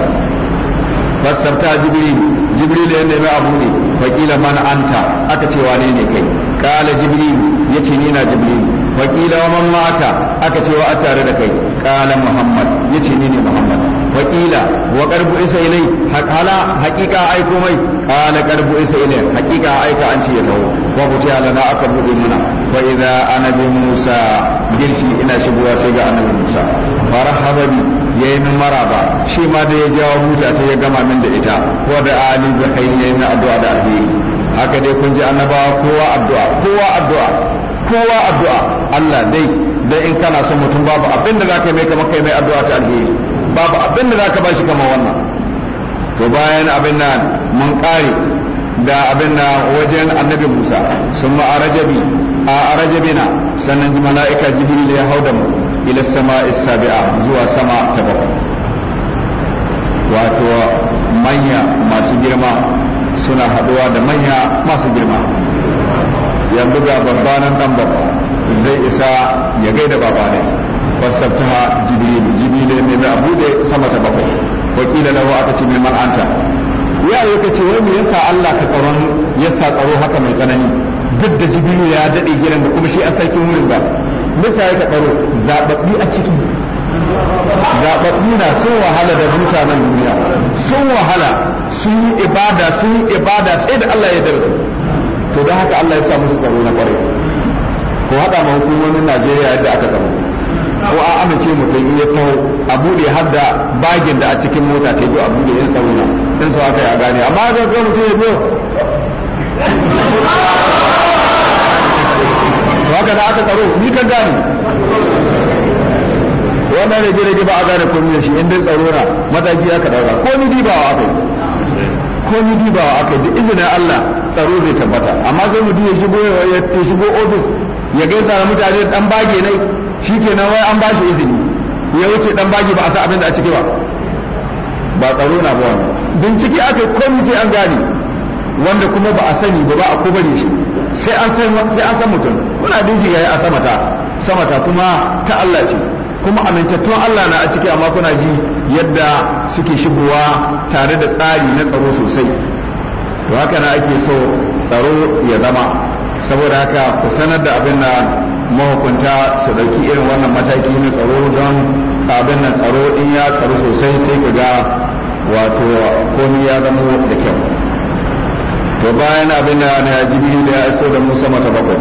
fassarta jibril jibril ya nemi abu ne kila man anta aka ce wane ne kai qala jibril yace ni na jibril fakila wa man ma'aka aka ce wa a tare da kai qala muhammad yace ni ne muhammad kila wa qarbu isa ilai hala haqiqa ai komai qala qarbu isa ilai haqiqa ai ka an ce ya ko wa kuti alana aka bude mana fa idza ana bi musa dirshi ina shigowa sai ga annabi musa ya yi min maraba shi ma da ya jawo buta ta ya gama min da ita ko da ali bi ya yi min addu'a da alheri haka dai kun ji annabawa kowa addu'a kowa addu'a kowa addu'a Allah dai dai in kana son mutum babu abin da zaka mai kamar kai mai addu'a ta alheri babu abin da zaka bashi kamar wannan to bayan abin nan mun kare da abin na wajen annabi Musa sun ma'arajabi a rajabi a rajabina sannan mala'ika jibril ya hau da mu ila sama'i sabi'a zuwa sama ta bakwai wato manya masu girma suna haɗuwa da manya masu girma yanzu ga babba nan dan babba zai isa ya gaida baba ne fasabtaha jibril jibril ne mai abu sama ta bakwai wakila lahu aka ce mai mar'anta ya yi ka ce wai me yasa Allah ka tsaron yasa tsaro haka mai tsanani duk da jibilu ya daɗe gidan da kuma shi a sarkin wurin ba musa ya kaɓaro zaɓaɓɓi a ciki zaɓaɓɓi na sun wahala da mutanen duniya sun wahala sun yi ibada sun yi ibada sai da Allah ya darsu to don haka Allah ya sa musu tsaro na ƙwarai ko haɗa ma hukumomin Najeriya yadda aka samu ko a amince mutum ya taho a buɗe har da bagin da a cikin mota ta yi a buɗe yin tsaro na in sau aka yi a gane amma ga mutum ya biyo haka da aka tsaro ni ka gane wannan rage rage ba a gane komai da shi in dai tsaro na mataki aka ɗauka ko ni dibawa aka yi ko ni dibawa aka yi da izinin Allah tsaro zai tabbata amma sai mutum ya shigo ya shigo ofis ya gaisa da mutane dan bage ne kenan wai an bashi izini ya wuce dan bage ba a sa abin da a ciki ba ba tsaro na ba wannan bincike aka yi komai sai an gane wanda kuma ba a sani ba ba a ko shi sai an san mutum muna dinki yayi a samata samata kuma ta Allah ce kuma amintattun Allah na a ciki amma kuna ji yadda suke shigowa tare da tsari na tsaro sosai to haka na ake so tsaro ya zama saboda haka ku sanar da abin da mahukunta su ɗauki irin wannan mataki na tsaro don abin nan tsaro in ya tsaro sosai sai ku ga wato komai ya zama da kyau to bayan abin da na jibril da ya iso da musa mata bakwai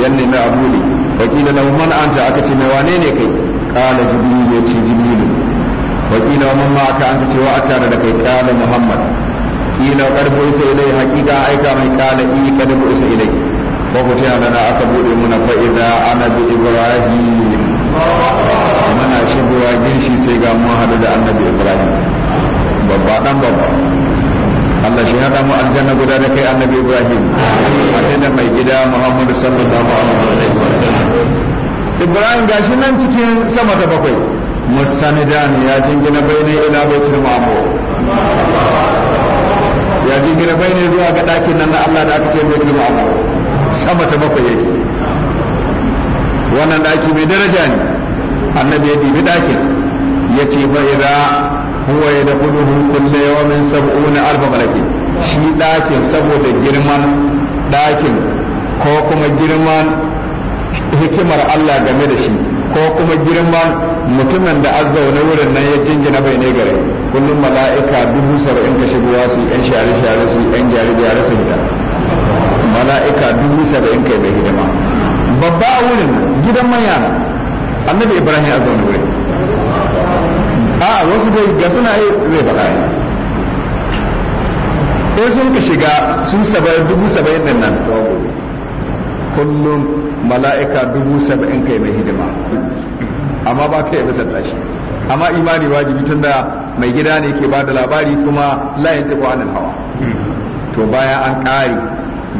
yanne na abuli wakila mana man anta aka ce mai wane ne kai kala jibril ya ce jibril wakila man ma aka anta ce wa a tare da kai kala muhammad kila karbu isa ilai hakika aika mai kala i karbu isa ilai ko ku ce na aka bude muna fa ida ana bi ibrahim muna shigowa girshi sai ga mun hadu da annabi ibrahim babba dan babba Allah shi hada mu aljanna guda da kai annabi Ibrahim a da mai gida Muhammad sallallahu alaihi wa Ibrahim gashi nan cikin sama ta bakwai musanidan ya jingina bayne ila baitul ma'mur ya jingina bayne zuwa ga dakin nan na Allah da aka ce baitul ma'mur sama ta bakwai yake wannan daki mai daraja ne annabi ya dibi dakin ya ce fa idza huwa ya dakhuluhu kullu yawmin sab'una alf malakin shi ɗakin saboda girman ɗakin ko kuma girman hikimar Allah game da shi ko kuma girman mutumin da azzauna wurin nan ya jingina bai ne gare kullum mala'ika dubu saba'in ka shigowa su yan share share su yan gyare gyare su gida mala'ika dubu saba'in kai bai hidima babba a wurin gidan manya annabi ibrahim azzauna wurin A'a wasu dai ga suna yi zai faɗa in sun ka shiga sun saba dubu saba'in din nan kullum mala'ika dubu saba'in kai mai hidima amma ba kai bisa tashi amma imani wajibi tun da mai gida ne ke ba da labari kuma layin ta nan hawa to baya an ƙari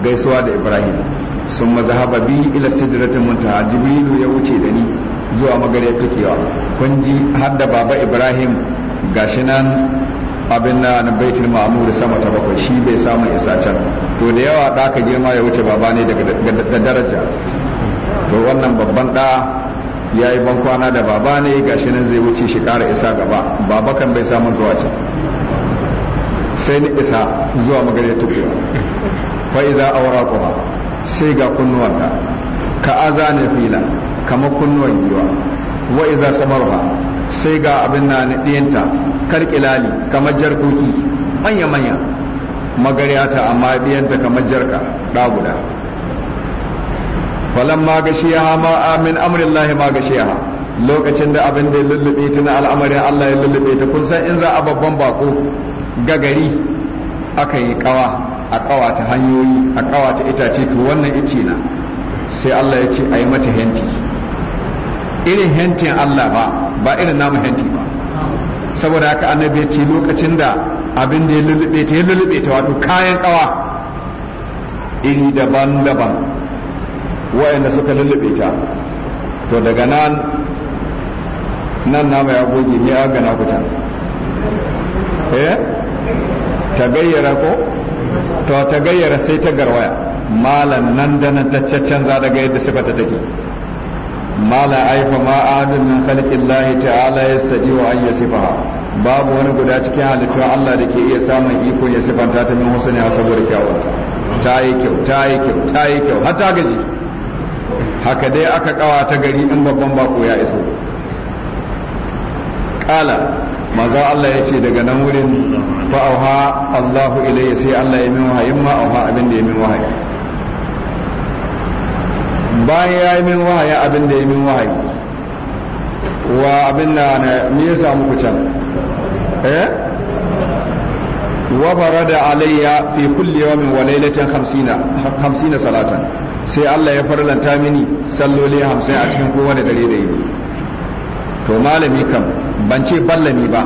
gaisuwa da ibrahim sun mazahaba bi ila sidratin muntaha jibrilu ya wuce da ni zuwa magare tukewa kun ji hadda baba ibrahim gashi nan abin na na baitul sama ta bakwai shi bai samu isa can to da yawa da ka girma ya wuce baba ne da daraja to wannan babban da ya yi bankwana da baba ne gashi nan zai wuce shi kara isa gaba baba kan bai samu zuwa can sai ni isa zuwa magare tukewa fa iza kuma sai ga kunnuwanta ka azanil fila kama kunnuwan yiwa wa iza samarha sai ga abin na ɗiyanta karkilali kamar jarkoki manya-manya ta amma ɗiyanta kamar jarka ɗa guda falan ma ga gashiya ma amin amrillahi ma ga gashiya lokacin da abin da ya lullube ta na al'amarin Allah ya lullube ta kun san in za a babban bako gagari aka yi kawa a kawata hanyoyi a kawata itace to wannan ice na sai Allah ya ce a yi mata henti irin hentin Allah ba ba irin namu henti ba saboda haka annabi bai ce lokacin da abin da ya lullube ta ya lullube ta wato kayan kawa iri daban-daban wa'anda suka lullube ta to daga nan nan nama ya goge ne ya gana kuta eh ta gayyara ko to ta gayyara sai ta garwaya malan nan da nan ta canza daga yadda sifata take mala aifa ma adun min khalqillahi ta'ala yastadi wa an yasifaha babu wani guda cikin halittun Allah da ke iya samun iko ya sifanta ta min husni saboda kyawun ta yi kyau ta yi kyau ta yi kyau hata gaji haka dai aka kawa ta gari in babban bako ya iso kala maza Allah ya ce daga nan wurin fa auha Allahu ilayya sai Allah ya min wahayin ma auha abin da ya min wahayi bayan ya yi min wahayi abin da ya min wahayi wa abin na me ya samu ku can eh wa farada alayya fi kulli yawmin wa laylatin 50 50 salatan sai Allah ya farlanta mini salloli 50 a cikin kowane dare da yini to malami kam ban ce ballami ba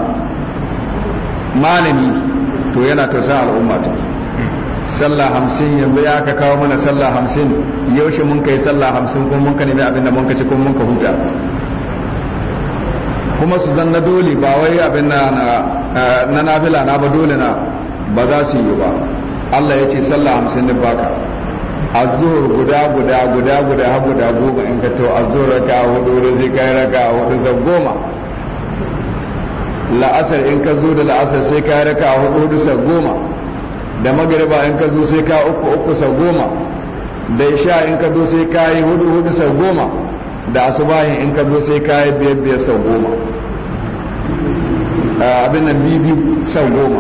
malami to yana tausa al'umma take sallah hamsin yanzu ya ka kawo mana sallah hamsin yaushe mun kai sallah hamsin kuma mun ka nemi abin da mun ka ci kuma mun ka huta kuma su zanna dole ba wai abin na na nafila na ba dole na ba za su yi ba Allah ya ce sallah hamsin ne baka azzuhur guda guda guda guda har guda goma in ka to azzuhur raka hudu zai kai raka hudu sau goma la'asar in ka zo da la'asar sai kai raka hudu sau goma da magariba in ka zo sai ka uku uku sau goma da isha in ka zo sai ka yi hudu hudu sau goma da asubahin in ka zo sai ka yi biyar biyar sau goma ah, abin nan biyu sau goma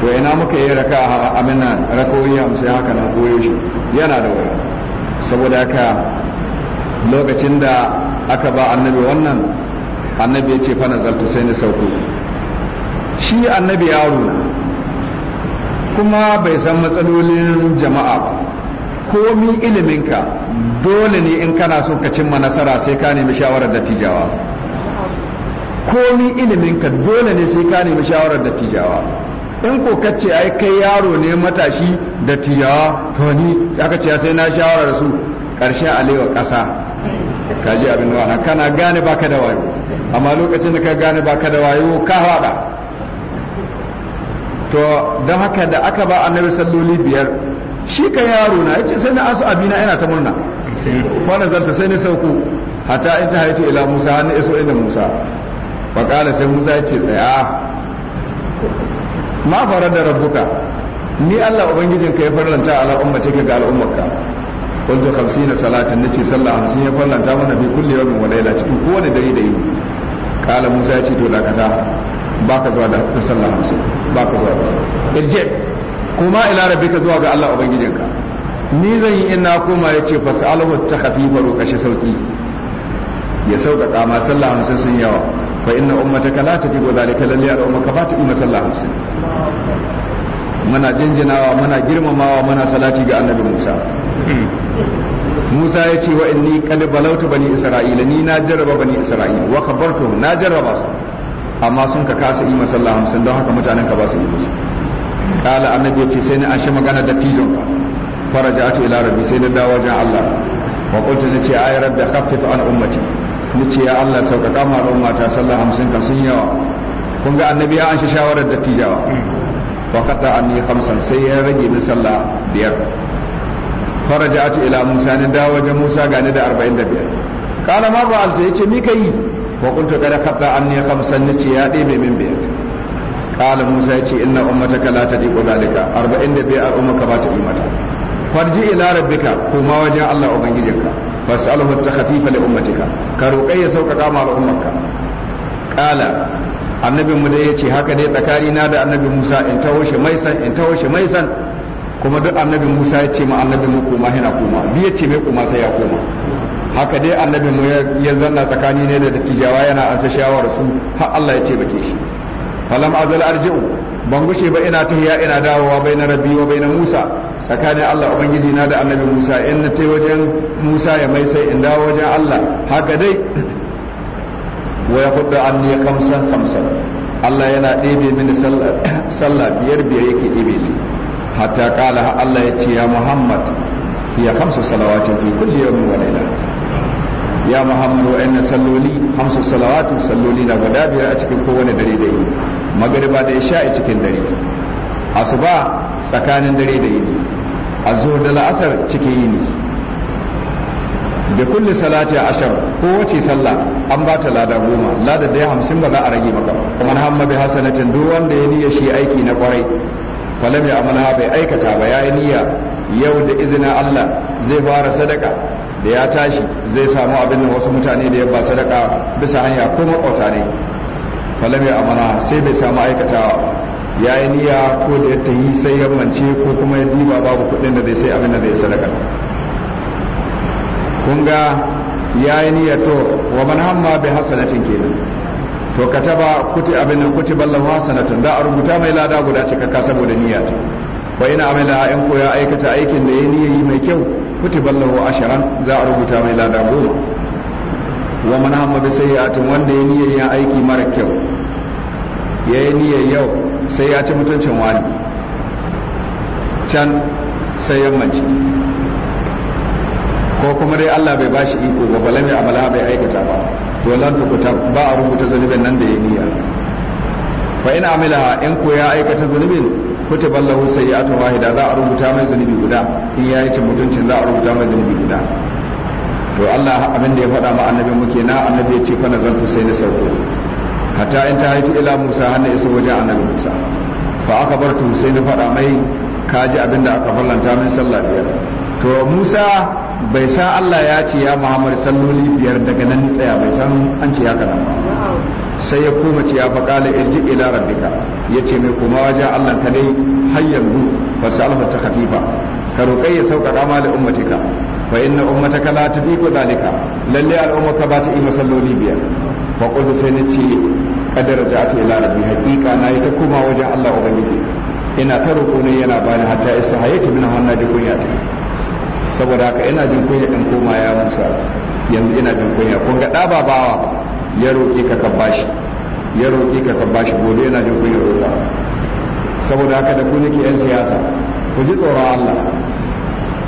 to ina muka yi raka a abin nan rakoyi hamsin haka na koyo shi yana da wuri saboda haka lokacin da aka ba annabi wannan annabi ya ce fa zartu sai ni sauko shi annabi yaro na kuma bai san matsalolin jama'a ba komi iliminka dole ne in kana so ka cimma nasara sai ka nemi shawarar dattijawa komi iliminka dole ne sai ka nemi shawarar dattijawa in ko kace ai kai yaro ne matashi dattijawa to ni aka ce sai na shawarar su karshe alewa ƙasa ka ji abin wana kana gane baka da wayo amma lokacin da ka gane baka da wayo ka hada to don haka da aka ba annabi salloli biyar shi ka yaro na yace sai na asu abina yana ta murna wanda zanta sai ni sauko Hata in ta haitu ila musa hannu iso inda musa kala sai musa ya ce tsaya ma farar da rabbuka ni allah ubangijinka ya farlanta ala ka ga al'ummarka kuntu hamsina salatin nace sallah hamsin ya farlanta mana bi kulli yawmin wa laila cikin kowane dare da yi. kala musa ya ce to dakata Baka zuwa da sallah hamsin baka zuwa da irje kuma ila rabbika zuwa ga Allah ubangijinka ni zan yi ina koma yace ce fasalahu ta khafifa roƙa shi sauki ya sauƙaƙa ma sallah hamsin sun yawa fa inna ummataka la tadibu zalika lalle da ummaka ba ta yi sallah hamsin muna jinjinawa muna girmamawa muna salati ga annabi Musa Musa ya ce wa inni qad balautu bani isra'ila ni na jarraba bani isra'ila wa khabartuhum na jarraba su amma sun ka kasa yi masallah hamsin don haka mutanen ka ba su yi musu kala annabi yace sai an shi magana da tijon ka faraja'atu ila rabbi sai na dawo wajen Allah wa qultu nace ay rabbi khaffif an ummati nace ya Allah sauƙaƙa ma al'umma ta sallah hamsin kan sun yawa kun ga annabi ya shi shawarar dattijawa wa qata anni khamsan sai ya rage min sallah biyar faraja'atu ila musa ni dawo wajen musa ni da 45 kala ma alta yace mi kai wa kuntu kada kafa an ne kamsan ni ce ya ɗebe min biyar kala musa ya ce inna ummataka la tadiqu zalika arba'in da biyar ummaka ba ta yi mata farji ila rabbika kuma wajen Allah ubangijinka fas'alhu takhfifa li ummatika ka roƙai ya sauƙaƙa ma al'ummarka kala annabin mu da ya ce haka dai tsakani na da annabi Musa in taho mai san in taho mai san kuma duk annabi Musa ya ce ma annabi mu kuma yana kuma bi ya ce mai koma sai ya koma haka dai annabi mu ya zanna tsakani ne da dattijawa yana ansa shawar su har Allah ya taimake shi falam azal arji'u ban gushe ba ina tahiya ina dawowa bai na rabbi wa bai na musa tsakanin allah ubangiji na da annabi musa in na wajen musa ya mai sai in dawo wajen allah haka dai wa ya hudu an ne kamsan kamsan allah yana ɗebe mini sallah biyar biyar yake ɗebe ni hatta kala allah ya ce ya muhammad ya kamsa salawatin fi kulli yawmin wa laila ya muhammadu wa'annan salloli hamsu salawatu salloli na guda biyar a cikin kowane dare da yini ba da ya a cikin dare ba tsakanin dare da yini azhur da la'asar cikin ne. da kulli salati ashar ko wace sallah an ba ta lada goma lada da hamsin ba za a rage maka kuma hamma bi hasanatin duk wanda ya niyya shi aiki na kwarai falam ya amala bai aikata ba yi niyya yau da izinin Allah zai fara sadaka da ya tashi zai samu abin da wasu mutane da ya ba sadaka bisa hanya ko makwata ne falam ya amana sai bai samu aikatawa ya yi niyya ko da ya yi sai yammanci ko kuma ya diba babu kuɗin da zai sai abin da zai sadaka kun ga ya yi niyya to wa man hamma bi hasanatin kenan to kataba kuti abin nan kuti ballan hasanatin da a rubuta mai lada guda cikakka saboda niyya ta bai na amila in ko ya aikata aikin da ya niyya yi mai kyau kuti ballahu asharan za a rubuta mai lada goma wa man hamma bi sayyi'atin wanda ya niyyar yin aiki mara kyau ya yi niyyar yau sai ya ci mutuncin wani can sai ya mace. ko kuma dai Allah bai bashi iko ba balami amala bai aikata ba to lan tukuta ba a rubuta zunubin nan da ya niyya fa ina amila in ko ya aikata zanubin? kutiba lahu sayyi'atu wahida za a rubuta mai zunubi guda in ya yi mutuncin za a rubuta mai zunubi guda to Allah abin da ya faɗa ma annabi muke na annabi ya ce fa nazartu sai na sauko hatta in ta haitu ila Musa har na isa wajen annabi Musa fa aka bar tu sai na faɗa mai kaji abin da aka fallanta min sallah biyar to Musa bai sa Allah ya ce ya Muhammad salloli biyar daga nan tsaya bai san an ce ya kana ba sai ya koma ce ya faƙala irji ila rabbika ya ce mai koma waje Allah ka dai har yanzu ba su ta hafifa ka roƙai ya sauƙaƙa ma da ummatika fa inna ummataka la tudiku zalika lalle al'ummaka ba ta yi masalloli biyar fa qul sai ni ce kadara ja'atu ila rabbi haqiqa na yi ta koma wajen Allah ubangiji ina ta roƙo ne yana bani hatta isa hayatu min hanna da kunya ta saboda haka ina jin kunya in koma ya Musa yanzu ina jin kunya kun ga da babawa ba ya roƙi ka ka bashi ya roƙi ka ka bashi gobe yana jin kunyar roƙa saboda haka da ku nake yan siyasa ku ji tsoron Allah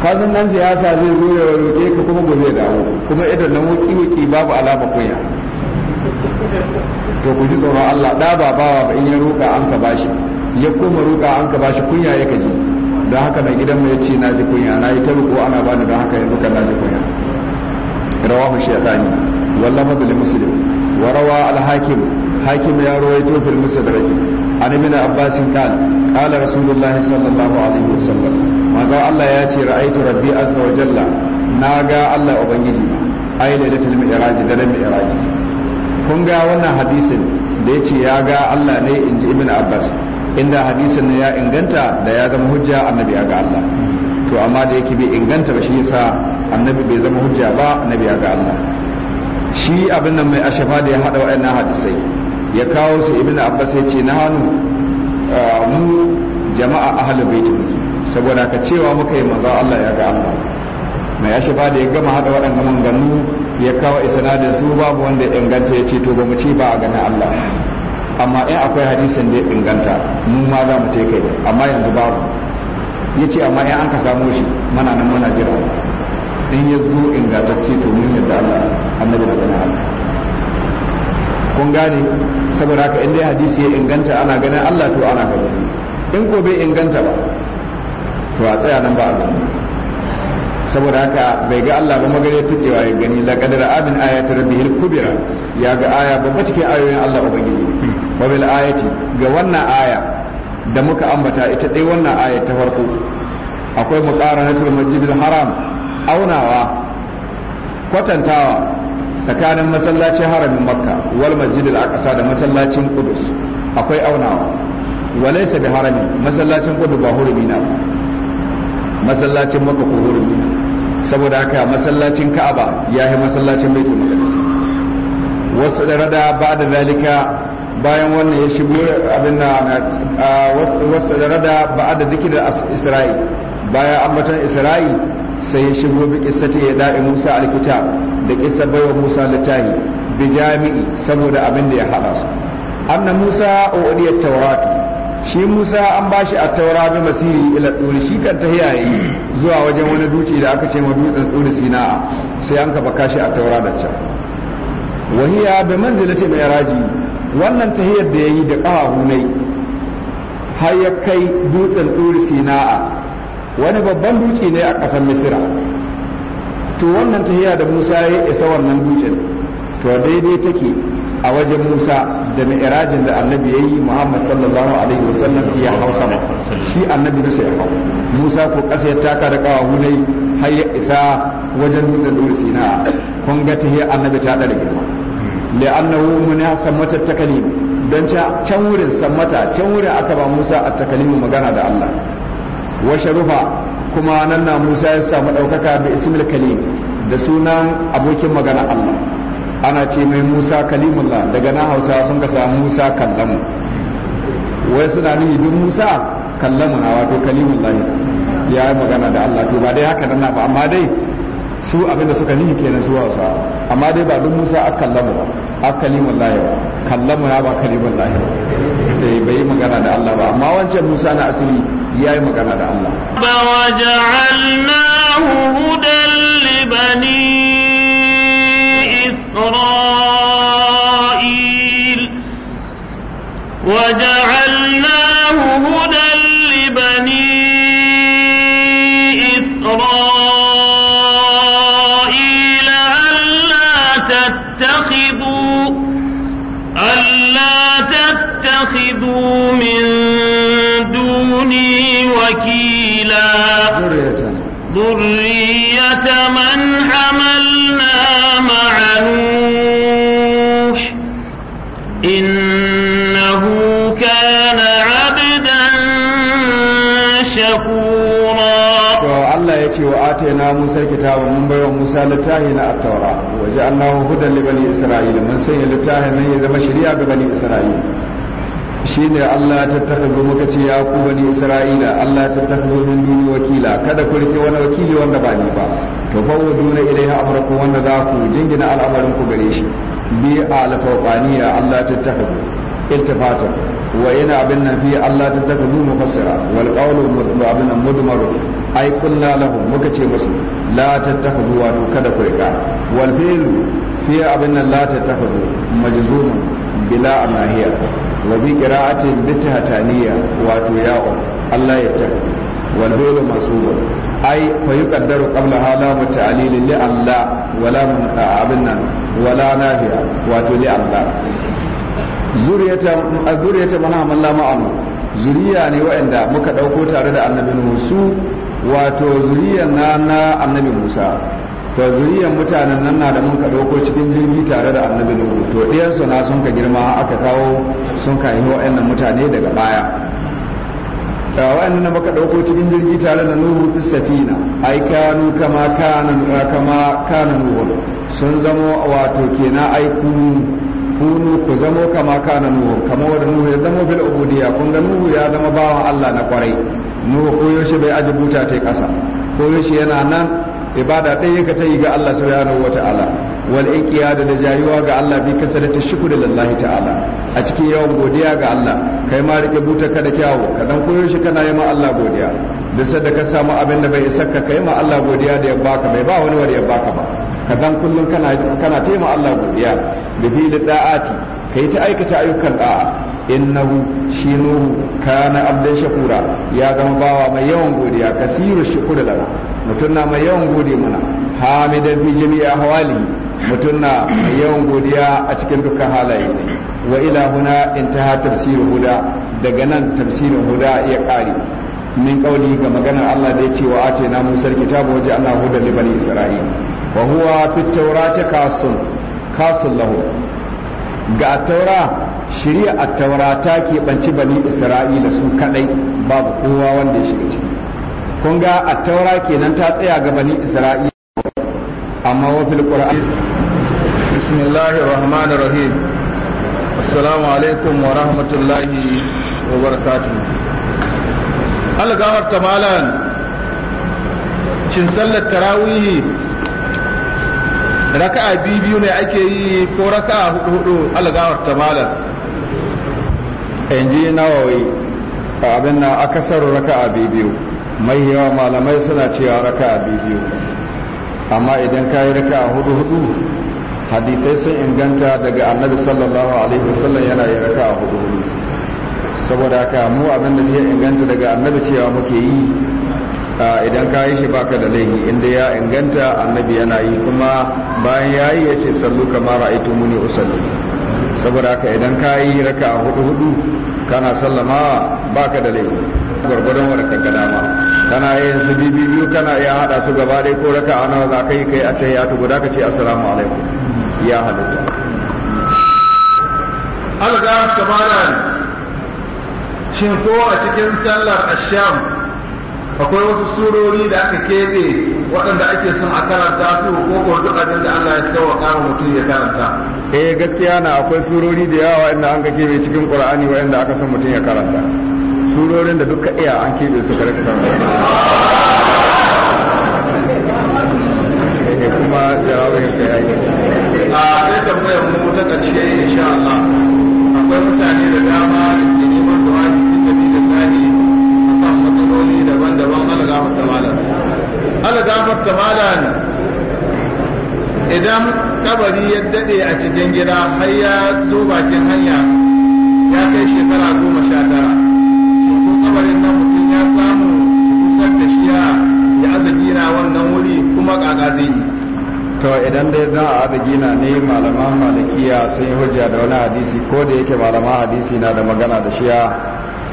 kazan nan siyasa zai zo ya roƙe ka kuma gobe ya dawo kuma idan nan wuki wuki babu alama kunya to ku ji tsoron Allah da ba bawa ba in ya roƙa an ka bashi ya kuma roƙa an ka bashi kunya ya kaji don haka na gidan mai ce na ji kunya na yi ta roƙo ana bani don haka yanzu kan na ji kunya rawahu shaytani واللفظ لمسلم وروى الحاكم حاكم يا رويته في المستدرك عن ابن عباس قال قال رسول الله صلى الله عليه وسلم ماذا الله ياتي رأيت ربي عز وجل ناغا الله أبنجي أي ليلة المعراج درم معراج kun ga wannan hadisin da ya ce ya ga Allah ne in ji ibn Abbas inda hadisin ya inganta da ya zama hujja annabi ya ga Allah to amma da yake bi inganta ba shi yasa annabi bai zama hujja ba annabi ya ga Allah shi abin nan mai ashafa da ya hada waɗannan hadisai ya kawo su ibn abbas ya ce na hannu mu jama'a ahlul bait muke saboda ka cewa muka yi manzo Allah ya ga Allah mai ashafa da ya gama hada waɗannan manganu ya kawo isnadin su babu wanda ya inganta ya ce to ba mu ce ba a ganin Allah amma in akwai hadisin da ya inganta mu ma za mu take kai amma yanzu babu yace amma in an ka samu shi muna nan muna jira in ya zo ingantacce to mun yadda Allah annabi da gani Allah kun gane saboda haka in dai hadisi ya inganta ana ganin Allah to ana gani in ko bai inganta ba to a tsaya nan ba a gani saboda haka bai ga Allah ba magare tukewa ya gani la qadara abin ayatu rabbihil kubira ya ga aya babba cikin ayoyin Allah ubangiji wa bil ayati ga wannan aya da muka ambata ita dai wannan aya ta farko akwai muqaranatul masjidil haram aunawa kwatantawa tsakanin masallacin haramin makka wal masjidil aqsa da masallacin qudus akwai aunawa walaysa bi harami masallacin qudus ba hurumi na ba masallacin makka ko hurumi saboda haka masallacin ka'aba ya masallacin baitul maqdis wasu da rada ba da zalika bayan wannan ya shigo abin na wasu da rada ba da dikirar isra'i bayan ambaton isra'i sai ya shigo bi kissati ya da'i Musa alkitab da kissa baiwa Musa littafi bi jami'i saboda abin da ya hada su anna Musa u'udiyat tawrat shi Musa an bashi a taura masiri ila duri shi kan tahiya yi zuwa wajen wani duci da aka ce ma dutsen duri sina. sai an kafa kashi a taura da can wahiya bi manzilati mi'raji wannan tahiyar da yayi da kafa hunai har ya kai dutsen duri sina'a wani babban dutse ne a ƙasar misira to wannan tahiya da musa ya isa wannan dutsen to daidai take a wajen musa da mi'rajin da annabi ya yi muhammad sallallahu alaihi wasallam ya hau sama shi annabi bisa ya hau musa ko ƙasa ya taka da ƙawa hudai har ya isa wajen dutsen dole sina kun ga tahiyar annabi ta ɗara girma li'annahu na sammata takalimi don can wurin sammata can wurin aka ba musa a takalimin magana da allah wa sharufa kuma nan na Musa ya samu ɗaukaka bi ismil kalim da sunan abokin magana Allah ana ce mai Musa kalimullah daga nan Hausa sun ka samu Musa kallamu wai suna nuni duk Musa kallamu na wato kalimullah ya yi magana da Allah to ba dai haka nan ba amma dai su abinda suka nihi kenan su Hausa amma dai ba duk Musa kallamu ba akalimullah ba kallamu na ba kalimullah ba eh, bai magana da Allah ba amma wancan Musa na asali yayi magana da Allah ba waja'alnahu hudan li bani isra'il waja'alnahu hudan li bani وكيلا ذرية من حملنا مع نوح إنه كان عبدا شكورا الله يتي وآتينا موسى الكتاب من بيو موسى لتاهينا التوراة وجعلناه هدى لبني إسرائيل من سيئ لتاهينا إذا مشريع ببني إسرائيل Shi ne Allah ta taka takhadhu muka ce ya ku bani Isra'ila Allah ta taka takhadhu min duni wakila kada ku rike wani wakili wanda ba ni ba to fa fawwaduna ilaiha amrakum wanda za ku jingina al'amarin ku gare shi bi al-fawqaniya Allah ta taka takhadhu iltifata wa ina abin nan fi Allah ta taka takhadhu mufassira wal qawlu abin nan mudmar ai qulna lahum muka ce musu la ta taka tattakhadhu wa kada ku rika wal fi'lu fi abin nan la ta taka tattakhadhu majzum bila amahiya wa bi qira'atin bitahtaniya wato ya'u Allah ya ta wal dole masubun ai fa yi yuqaddaru qabla hala muta'alil li Allah wala abin nan wala nafi'a wato li Allah zuriyatan zuriyatan mana amalla ma'anu zuriya ne waɗanda muka ɗauko tare da annabin musu wato zuriyar na na annabi Musa to zuriyar mutanen nan na da mun ɗauko cikin jirgi tare da annabi nuhu to ɗiyansu na sun ka girma aka kawo sun ka yi wa'annan mutane daga baya Da wa'annan na muka ɗauko cikin jirgi tare da nuhu fi safina ai kanu kama kana kama nuhu sun zamo wato kenan ai kunu kunu ku zamo kama kana nuhu kama wanda nuhu ya zamo fil ubudiyya kun ga nuhu ya zama bawan Allah na kwarai nuhu koyaushe bai aji buta ta ƙasa koyaushe yana nan ibada ɗaya yake ta yi ga Allah subhanahu wata'ala wal iqiyada da jayuwa ga Allah bi shuku da lillahi ta'ala a cikin yawan godiya ga Allah kai ma rike buta ka da kyawu ka dan koyo shi kana yi ma Allah godiya da sadda ka samu abin da bai isarka kai ma Allah godiya da ya baka bai ba wani wani ya baka ba ka dan kullun kana kana ma Allah godiya bi da da'ati kai ta aikata ayyukan da'a innahu shi nuhu kana abdan shakura ya zama bawa mai yawan godiya kasiru shukura lana mutum na mai yawan gode mana hamidan fi jami'i hawali mutum na mai yawan godiya a cikin dukkan halaye ne wa ila huna intaha tafsirin huda daga nan tafsirin huda ya kare min kauli ga maganar Allah da ya ce wa ate na musar kitabu waje Allah hudan li bani isra'il wa huwa fit tawrati kasun lahu ga taura shari'a attaura ta keɓanci bani isra'ila su kaɗai babu kowa wanda ya shiga ciki kun ga attaura kenan ta tsaya ga bani isra'ila amma wafil qur'an bismillahir rahmanir rahim assalamu alaikum wa rahmatullahi wa barakatuh algahar tamalan shin sallar tarawih raka'a biyu ne ake yi ko raka'a hudu hudu algahar tamalan in na nawawi abin na akasar a biyu mai yawa malamai suna cewa raka a biyu amma idan ka yi raka a hudu hudu hadithai sun inganta daga annabi sallallahu alaihi wasallam yana yi raka a hudu hudu saboda haka mu abin da ya inganta daga annabi cewa muke yi idan ka yi shi baka da laifi inda ya inganta annabi yana yi kuma bayan ya yi ya ce sallu kamar ra'aitu muni usalli saboda haka idan ka yi raka hudu hudu kana ba baka da laifi gwargwadon wani ka dama kana yin su bibi biyu kana iya hada su gaba ɗaya ko raka a nawa za ka yi kai yatu guda ka ce assalamu alaikum ya halitta alga kamalan shin ko a cikin sallar asham akwai wasu surori da aka keɓe waɗanda ake son a karanta su ko ko duk abin da Allah ya sauwa ƙara mutum ya karanta eh gaskiya na akwai surori da yawa inda an ka keɓe cikin Qur'ani waɗanda aka son mutum ya karanta surorin da duka iya an keɓe su karanta eh, kuma jawabin ka yayi a sai tambayar mu ta ƙarshe insha Allah akwai mutane da dama da ke neman du'a ala ta malan idan kabari ya dade a cikin gida har ya zo bakin hanya ya kai shekara goma sha tara ko kabarin nan mutum ya samu kusan da shiya ya gina wannan wuri kuma kaga zai to idan dai za a gina ne malaman malikiya sun yi hujja da wani hadisi ko da yake malaman hadisi na da magana da shiya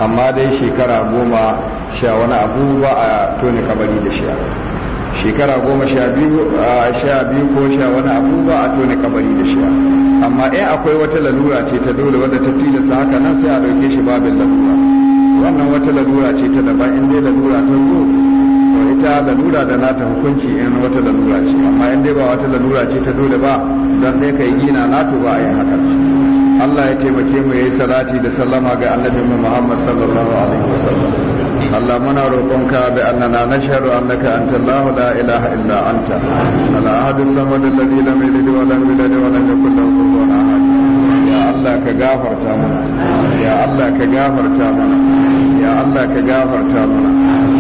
amma dai shekara goma sha wani abu ba a tone kabari da shiya shekara goma sha biyu sha biyu ko sha wani abu ba a tone kabari da shi amma in akwai wata lalura ce ta dole wadda ta tilasta haka nan sai a ɗauke shi babin lalura wannan wata lalura ce ta daban in dai lalura ta zo to ita lalura da nata hukunci in wata lalura ce amma in dai ba wata lalura ce ta dole ba don dai ka yi gina nato ba a yi haka Allah ya taimake mu yayi salati da sallama ga annabi Muhammad sallallahu alaihi wasallam Allah muna roƙonka bi annana nashhadu annaka anta la ilaha illa anta Ala ahadu samad alladhi lam yalid wa lam yulad wa lam yakul lahu kufuwan ahad ya Allah ka gafarta mana ya Allah ka gafarta mana ya Allah ka gafarta mana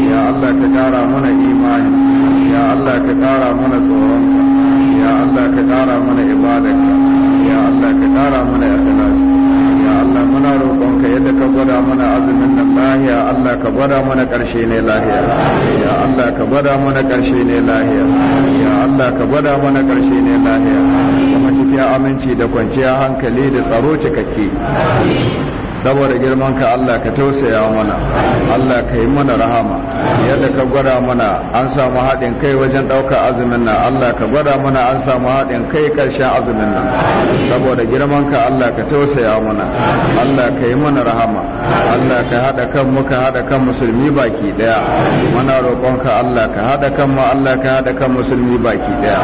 ya Allah ka kara mana imani ya Allah ka kara mana tsoronka ya Allah ka kara mana ibadarka ya Allah ka ƙara mana ikhlasi ya Allah muna roƙonka yadda ka gwada mana azumin nan lahiya Allah ka gwada mana ƙarshe ne lahiya ya Allah ka gwada mana ƙarshe ne lahiya ya Allah ka gwada mana ƙarshe ne lahiya kuma cikin aminci da kwanciya hankali da tsaro cikakke saboda girman ka Allah ka tausaya mana Allah ka yi mana rahama yadda ka gwada mana an samu haɗin kai wajen ɗaukar azumin nan Allah ka gwada mana an samu haɗin kai ƙarshen azumin nan saboda girman ka Allah ka tausaya mana Allah ka yi mana rahama Allah ka haɗa kan muka ka haɗa kan musulmi baki ɗaya muna roƙonka Allah ka haɗa kan mu Allah ka haɗa kan musulmi baki ɗaya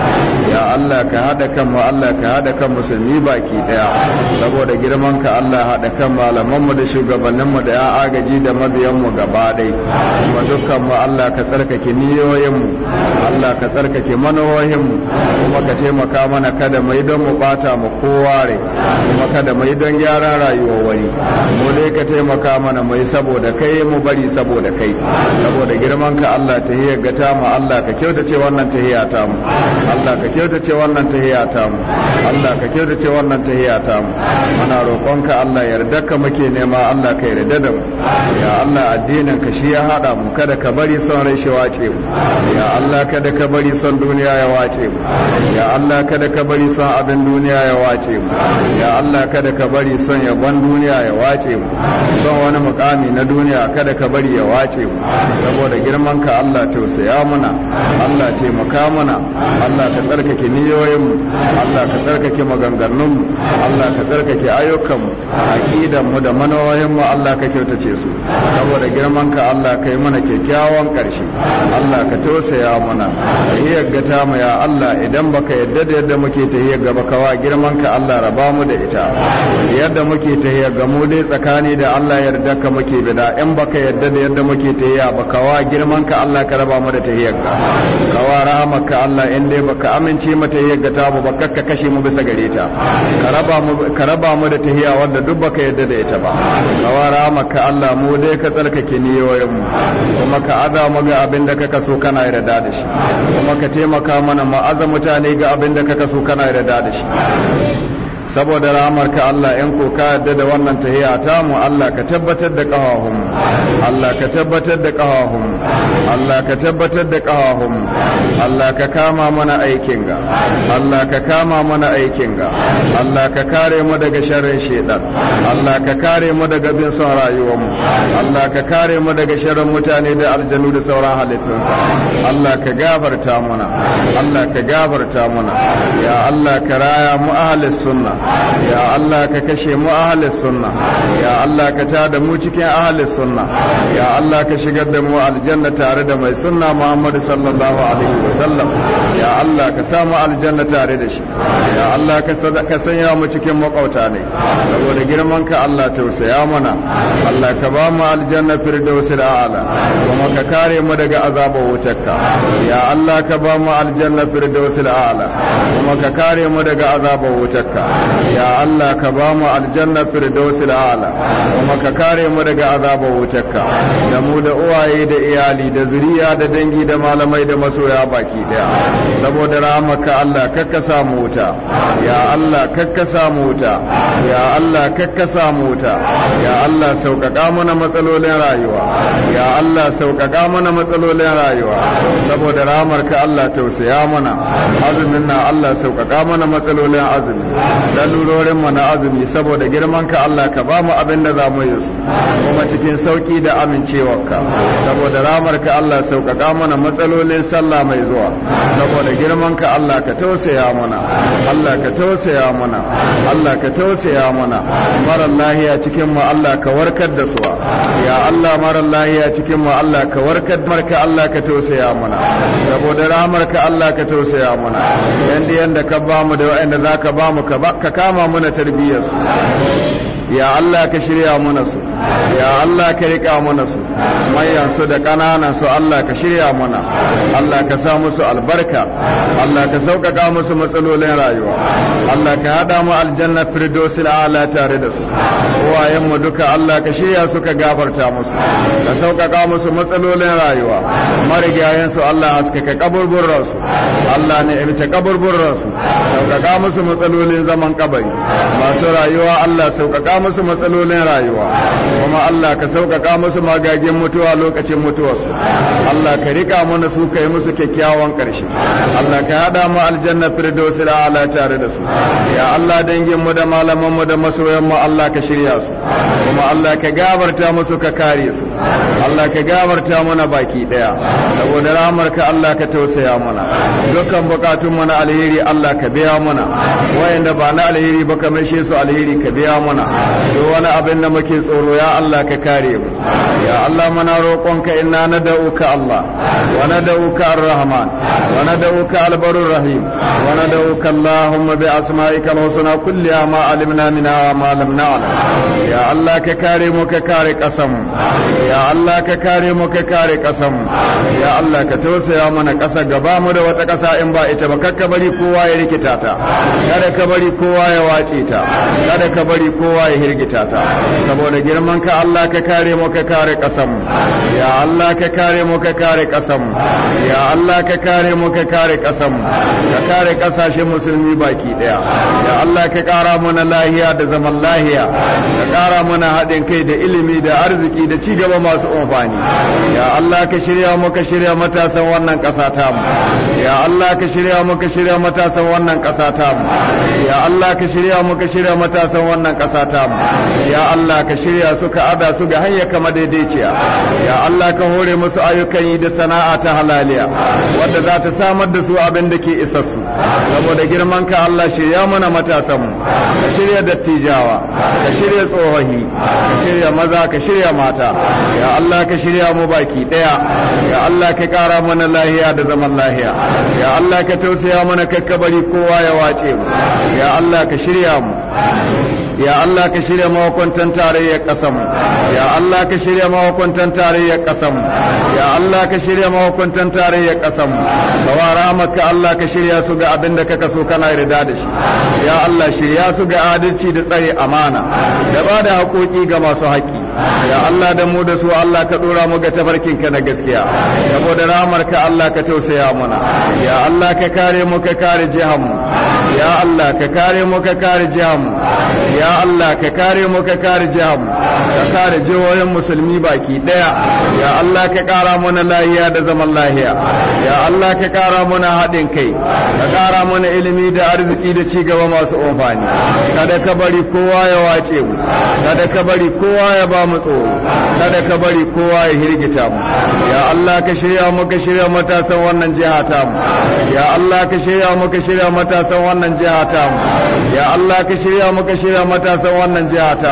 ya Allah ka haɗa kan mu Allah ka haɗa kan musulmi baki ɗaya saboda girman ka Allah haɗa kan malamanmu da shugabanninmu da ya agaji da mabiyanmu mu gaba ɗaya dukkan ayyukan mu Allah ka tsarkake niyoyinmu Allah ka tsarkake manohohinmu kuma ka taimaka mana kada mai don mu bata mu kowarai kuma kada mai don gyara rayuwa wani mu dai ka taimaka mana mai saboda kai mu bari saboda kai saboda girman ka Allah ta hiyar ga ta mu Allah ka kyauta ce wannan ta tahiya ta mu Allah ka kyauta ce wannan ta tahiya ta mu Allah ka kyauta ce wannan ta tahiya ta mu muna ka Allah yarda ka muke nema Allah ka yarda da mu ya Allah addinin ka shi ya hada mu kada kada ka bari son rai shi wace mu ya Allah kada ka bari son duniya ya wace mu ya Allah kada ka bari son abin duniya ya wace mu ya Allah kada ka bari son yabon duniya ya wace mu son wani mukami na duniya kada ka bari ya wace mu saboda girman ka Allah tausaya muna Allah taimaka muna Allah ka tsarkake niyoyin mu Allah ka tsarkake maganganun mu Allah ka tsarkake ayyukan mu aqidan mu da manoyin mu Allah ka kyautace su saboda girman ka Allah kai mana ke kyakkyawan ƙarshe Allah ka tausaya mana tahiyar ga ta mu ya Allah idan baka yadda da yadda muke tahiyar gaba kawa girman ka Allah raba mu da ita yadda muke tahiyar ga mu dai tsakani da Allah yarda ka muke bida in baka yadda da yadda muke tahiya ba kawa girman ka Allah ka raba mu da tahiyar ka kawa rahamar ka Allah in dai baka amince mu tahiyar ga ta mu ba ka kashe mu bisa gare ta ka raba mu da tahiya wanda duk baka yadda da ita ba kawa rahamar ka Allah mu dai ka tsarkake niyoyin mu maka azama aza ga abin da kaka so kana yarda da shi kuma ka taimaka mana mu aza mutane ga abin da kaka so kana yarda da shi saboda rahamarka Allah ‘yan ka yadda da wannan tahiya ta mu Allah ka tabbatar da ƙahahun Allah ka tabbatar da ƙahahun Allah ka tabbatar da ƙahahun Allah ka kama mana aikin ga Allah ka kama mana aikin ga Allah ka kare mu daga sharrin shedan Allah ka kare mu daga bin son rayuwar mu Allah ka kare mu daga sharrin mutane da aljanu da sauran halittun Allah ka gafarta mana. Allah ka gafarta mana. ya Allah ka raya mu ahlis sunna ya Allah ka kashe mu ahalis sunna ya Allah ka da mu cikin ahalis sunna ya Allah ka shigar da mu aljanna tare da mai sunna Muhammad sallallahu alaihi wasallam ya Allah ka sa mu aljanna tare da shi ya Allah ka sanya mu cikin makauta ne saboda girman ka Allah tausaya mana Allah ka ba mu aljanna firdaus a'la kuma ka kare mu daga azabar wutarka ya Allah ka ba mu aljanna firdaus a'la kuma ka kare mu daga azabar wutarka ya Allah ka ba mu aljanna firdausil a'la kuma ka kare mu daga azabar wutarka da mu da uwaye da iyali da zuriya da dangi da malamai da masoya baki daya saboda rahmaka Allah kakka samu wuta ya Allah kakka samu wuta ya Allah kakka samu wuta ya Allah sauƙaƙa mana matsalolin rayuwa ya Allah sauƙaƙa mana matsalolin rayuwa saboda ramarka Allah tausaya mana azumin na Allah sauƙaƙa mana matsalolin azumi lalurorin mu na azumi saboda girman ka Allah ka ba mu abin da za mu yi su kuma cikin sauki da amincewarka saboda ramar ka Allah sauƙaƙa mana matsalolin sallah mai zuwa saboda girman ka Allah ka tausaya mana Allah ka tausaya mana Allah ka tausaya mana mara lahiya cikin mu Allah ka warkar da su ya Allah mara lahiya cikin mu Allah ka warkar marka Allah ka tausaya mana saboda ramar ka Allah ka tausaya mana yanda yanda ka ba mu da wa'anda zaka ba mu ka ba ka kama mana tarbiyyarsu ya Allah ka shirya mana su ya Allah ka rika mana su mayan su da kananan su Allah ka shirya mana Allah ka sa musu albarka Allah ka sauƙaƙa musu matsalolin rayuwa Allah ka haɗa mu aljanna firdausil ala tare da su uwayen mu duka Allah ka shirya su ka gafarta musu ka sauƙaƙa musu matsalolin rayuwa marigayen su Allah ka kaburbur su Allah ne ta kaburbur su sauƙaƙa musu matsalolin zaman kabari masu rayuwa Allah sauƙaƙa musu matsalolin rayuwa kuma Allah ka sauƙaƙa musu magagin mutuwa lokacin mutuwarsu Allah ka rika mana su kai musu kyakkyawan ƙarshe Allah ka haɗa mu aljanna firdausi da ala tare da su ya Allah dangin mu da malaman mu da masoyan mu Allah ka shirya su kuma Allah ka gabarta musu ka kare su Allah ka gabarta mana baki ɗaya saboda ramar ka Allah ka tausaya mana dukkan bukatun mu na alheri Allah ka biya mana wayanda ba na alheri ba ka shi su alheri ka biya mana duk wani abin da muke tsoro ya Allah ka kare mu ya Allah muna roƙonka inna da'uka Allah wa na da'uka ar-rahman wa na da'uka al-barur rahim wa na da'uka Allahumma bi asma'ika al-husna kulli ma alimna minha ma lam na'lam ya Allah ka kare mu ka kare kasam ya Allah ka kare mu ka kare kasam ya Allah ka tausaya mana ƙasa gaba mu da wata ƙasa in ba ita ba kakka bari kowa ya rikita ta kada ka bari kowa ya wace ta kada ka bari kowa ya ya hirgita ta saboda girman ka Allah ka kare mu ka kare kasam ya Allah ka kare mu ka kare kasam ya Allah ka kare mu ka kare kasam ka kare kasashen musulmi baki daya ya Allah ka kara mana lahiya da zaman lahiya ka kara mana haɗin kai da ilimi da arziki da ci gaba masu amfani ya Allah ka shirya mu ka shirya matasan wannan ƙasa ta mu ya Allah ka shirya mu ka shirya matasan wannan ƙasa ta mu ya Allah ka shirya mu ka shirya matasan wannan ƙasa ta namu ya Allah ka shirya su ka ada su ga hanya kama daidaiciya ya Allah ka hore musu ayyukan yi da sana'a ta halaliya wadda za ta samar da su abin da ke isassu saboda girman ka Allah shirya mana matasan mu ka shirya dattijawa ka shirya tsohahi ka shirya maza ka shirya mata ya Allah ka shirya mu baki daya ya Allah ka kara mana lahiya da zaman lahiya ya Allah ka tausaya mana kakkabari kowa ya wace mu ya Allah ka shirya mu ya Allah ka shirya mawakwantan tarayyar ƙasar ya Allah ka shirya mawakwantan tarayyar ƙasar ya Allah ka shirya mawakwantan tarayyar ƙasar ka wa rahmaka Allah ka shirya su ga abin da kaka so kana yarda da shi ya Allah shirya su ga adalci da tsare amana da ba da haƙoƙi ga masu haƙƙi ya Allah da mu da su Allah ka dora mu ga tafarkin ka na gaskiya saboda ramar ka Allah ka tausaya mana ya Allah ka kare mu ka kare jihar mu ya Allah ka kare mu ka kare jihamu ya Allah ka kare mu ka kare jihamu ka kare jihohin musulmi baki daya ya Allah ka kara mana lahiya da zaman lahiya ya Allah ka kara mana haɗin kai ka kara mana ilimi da arziki da cigaba masu amfani kada ka bari kowa ya wace mu kada ka bari kowa ya ba mu tsoro kada ka bari kowa ya hirgita mu ya Allah ka shirya mu ka shirya matasan wannan jiha ta mu ya Allah ka shirya mu ka shirya matasan wannan jiha ta mu ya Allah ka shirya mu ka shirya matasan wannan jiha ta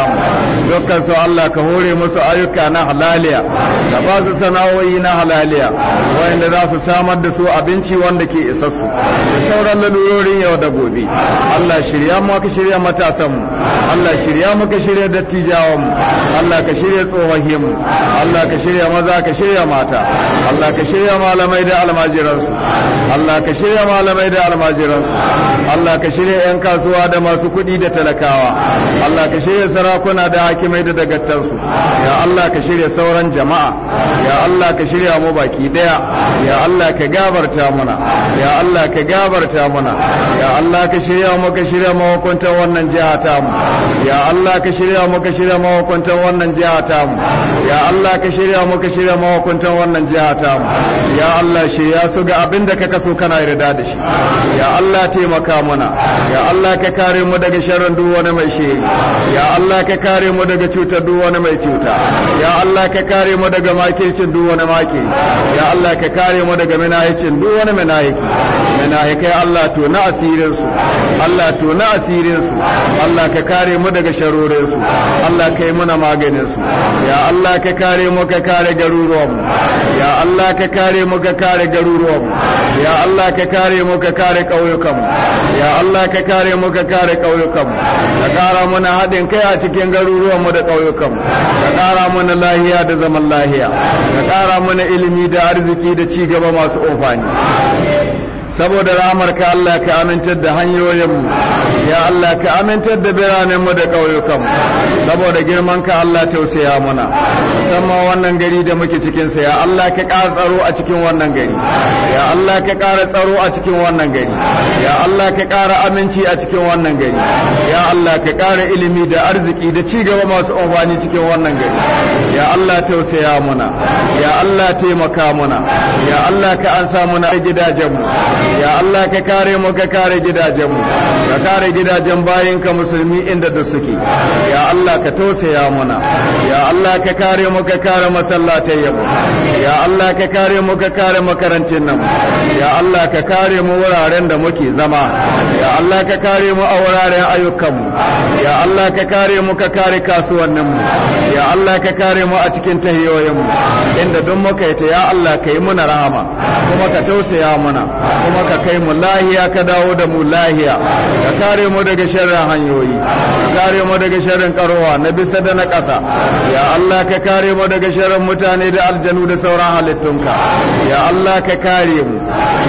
mu dukkan su Allah ka hore musu ayyuka na halaliya ka ba su sana'o'i na halaliya wanda za su samar da su abinci wanda ke isassu da sauran lalurorin yau da gobe Allah shirya mu ka shirya matasan mu Allah shirya mu ka shirya dattijawan mu Allah ka shirya tsohon mu Allah ka shirya maza ka shirya mata Allah ka shirya malamai da almajiransu Allah ka shirya malamai da almajiransu Allah ka shirya 'yan kasuwa da masu kuɗi da talakawa Allah ka shirya sarakuna da hakimai da dagattarsu ya Allah ka shirya sauran jama'a ya Allah ka shirya mu baki daya ya Allah ka gabarta muna ya Allah ka gabarta muna ya Allah ka shirya mu ka shirya mahukuntan wannan jiha ta mu ya Allah ka shirya mu ka shirya mahukuntan wannan jiha ta mu ya Allah ka shirya mu ka shirya mahukuntan wannan jiha ta mu ya Allah shirya su ga abin da ka kaso kana yarda da shi ya Allah taimaka mana ya Allah ka kare mu daga sharrin duk wani mai shiri ya Allah ka kare mu daga cutar duk wani mai cuta ya Allah ka kare mu daga makircin duk wani maki ya Allah ka kare mu daga minayicin duk wani minahiki minahikai Allah to na asirin su Allah to na asirin su Allah ka kare mu daga sharorin su Allah ka yi mana maganin su ya Allah ka kare mu ka kare garuruwan ya Allah ka kare mu ka kare garuruwan ya Allah ka kare mu ka kare ƙauyukan ya Allah ka kare mu ka kare ƙauyukanmu ka kara mana haɗin kai a cikin garuruwan mu da mu ka kara mana lahiya da zaman lahiya ka ƙara mana ilimi da arziki da ci gaba masu amfani saboda ka Allah ka amintar da hanyoyinmu ya Allah ka amintar da biranenmu da ƙauyukanmu saboda girman ka, Allah tausaya muna musamman wannan gari da muke cikinsa ya Allah ka ƙara tsaro a cikin wannan gari ya Allah ka ƙara tsaro a cikin wannan gari ya Allah ka ƙara aminci a cikin wannan gari ya Allah ka ƙara ilimi da arziki da ci gaba masu amfani cikin wannan gari ya Allah tausaya muna ya Allah taimaka muna ya Allah ka ansa muna a gidajenmu ya Allah ka kare mu ka kare gidajenmu ka kare gidajen bayin ka musulmi inda da suke ya Allah ka tausaya muna ya Allah ka kare mu ka kare masallatai ya Allah ka kare mu ka kare makarantun nan ya Allah ka kare mu wuraren da muke zama ya Allah ka kare mu a wuraren ayyukanmu ya Allah ka kare mu ka kare kasuwanninmu ya Allah ka kare mu a cikin mu inda duk muka yi ta ya Allah ka yi muna rahama kuma ka tausaya muna kuma ka kai mu lahiya ka dawo da mu lahiya ka kare mu daga sharrin hanyoyi ka kare mu daga sharrin karowa na bisa da na ƙasa ya Allah ka kare mu daga sharrin mutane da aljanu da sauran halittunka ya Allah ka kare mu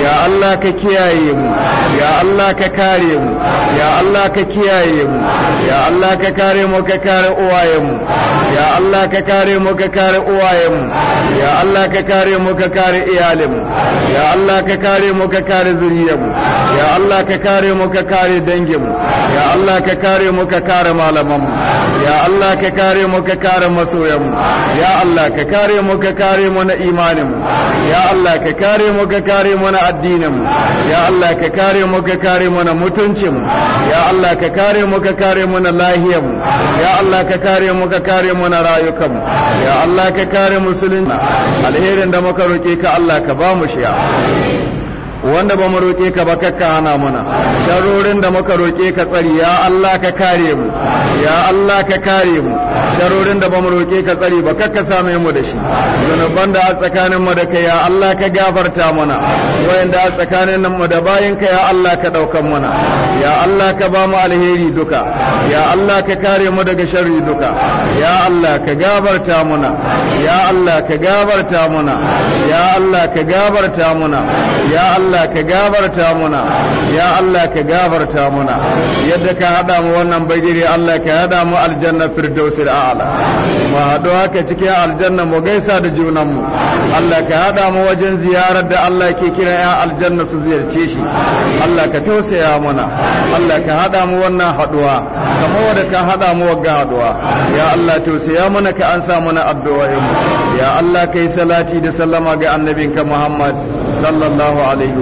ya Allah ka kiyaye mu ya Allah ka kare mu ya Allah ka kiyaye mu ya Allah ka kare mu ka kare mu ya Allah ka kare mu ka kare mu ya Allah ka kare mu ka kare mu ya Allah ka kare mu ka kare kare zuriyarmu ya Allah ka kare mu ka kare danginmu ya Allah ka kare mu ka kare malamanmu ya Allah ka kare mu ka kare masoyanmu ya Allah ka kare mu ka kare mu na imaninmu ya Allah ka kare mu ka kare mu na addininmu ya Allah ka kare mu ka kare mu na mutuncinmu ya Allah ka kare mu ka kare mu na lahiyarmu ya Allah ka kare mu ka kare mu na rayukanmu ya Allah ka kare musulunci alherin da muka roƙe ka Allah ka ba mu shi shiya wanda ba mu roƙe ka ba kakka hana mana sharorin da muka roƙe ka tsari ya Allah ka kare mu ya Allah ka kare mu sharorin da ba mu roƙe ka tsari ba kakka same mu da shi zunuban da a tsakanin mu da kai ya Allah ka gafarta mana da a tsakanin mu da bayin ka ya Allah ka daukan mana ya Allah ka ba mu alheri duka ya Allah ka kare mu daga sharri duka ya Allah ka gafarta mana ya Allah ka gafarta mana ya Allah ka gafarta mana ya Allah Allah ka gafarta muna ya Allah ka gafarta muna yadda ka hada mu wannan bagire Allah ka hada mu aljanna firdausil a'la mu hado haka cikin aljanna mu gaisa da junan mu Allah ka hada mu wajen ziyarar da Allah ke kira ya aljanna su ziyarce shi Allah ka tausaya muna Allah ka hada mu wannan haduwa kamar da ka hada mu wagga haduwa ya Allah tausaya muna ka ansa muna addu'o'in mu ya Allah kai salati da sallama ga annabinka Muhammad sallallahu alaihi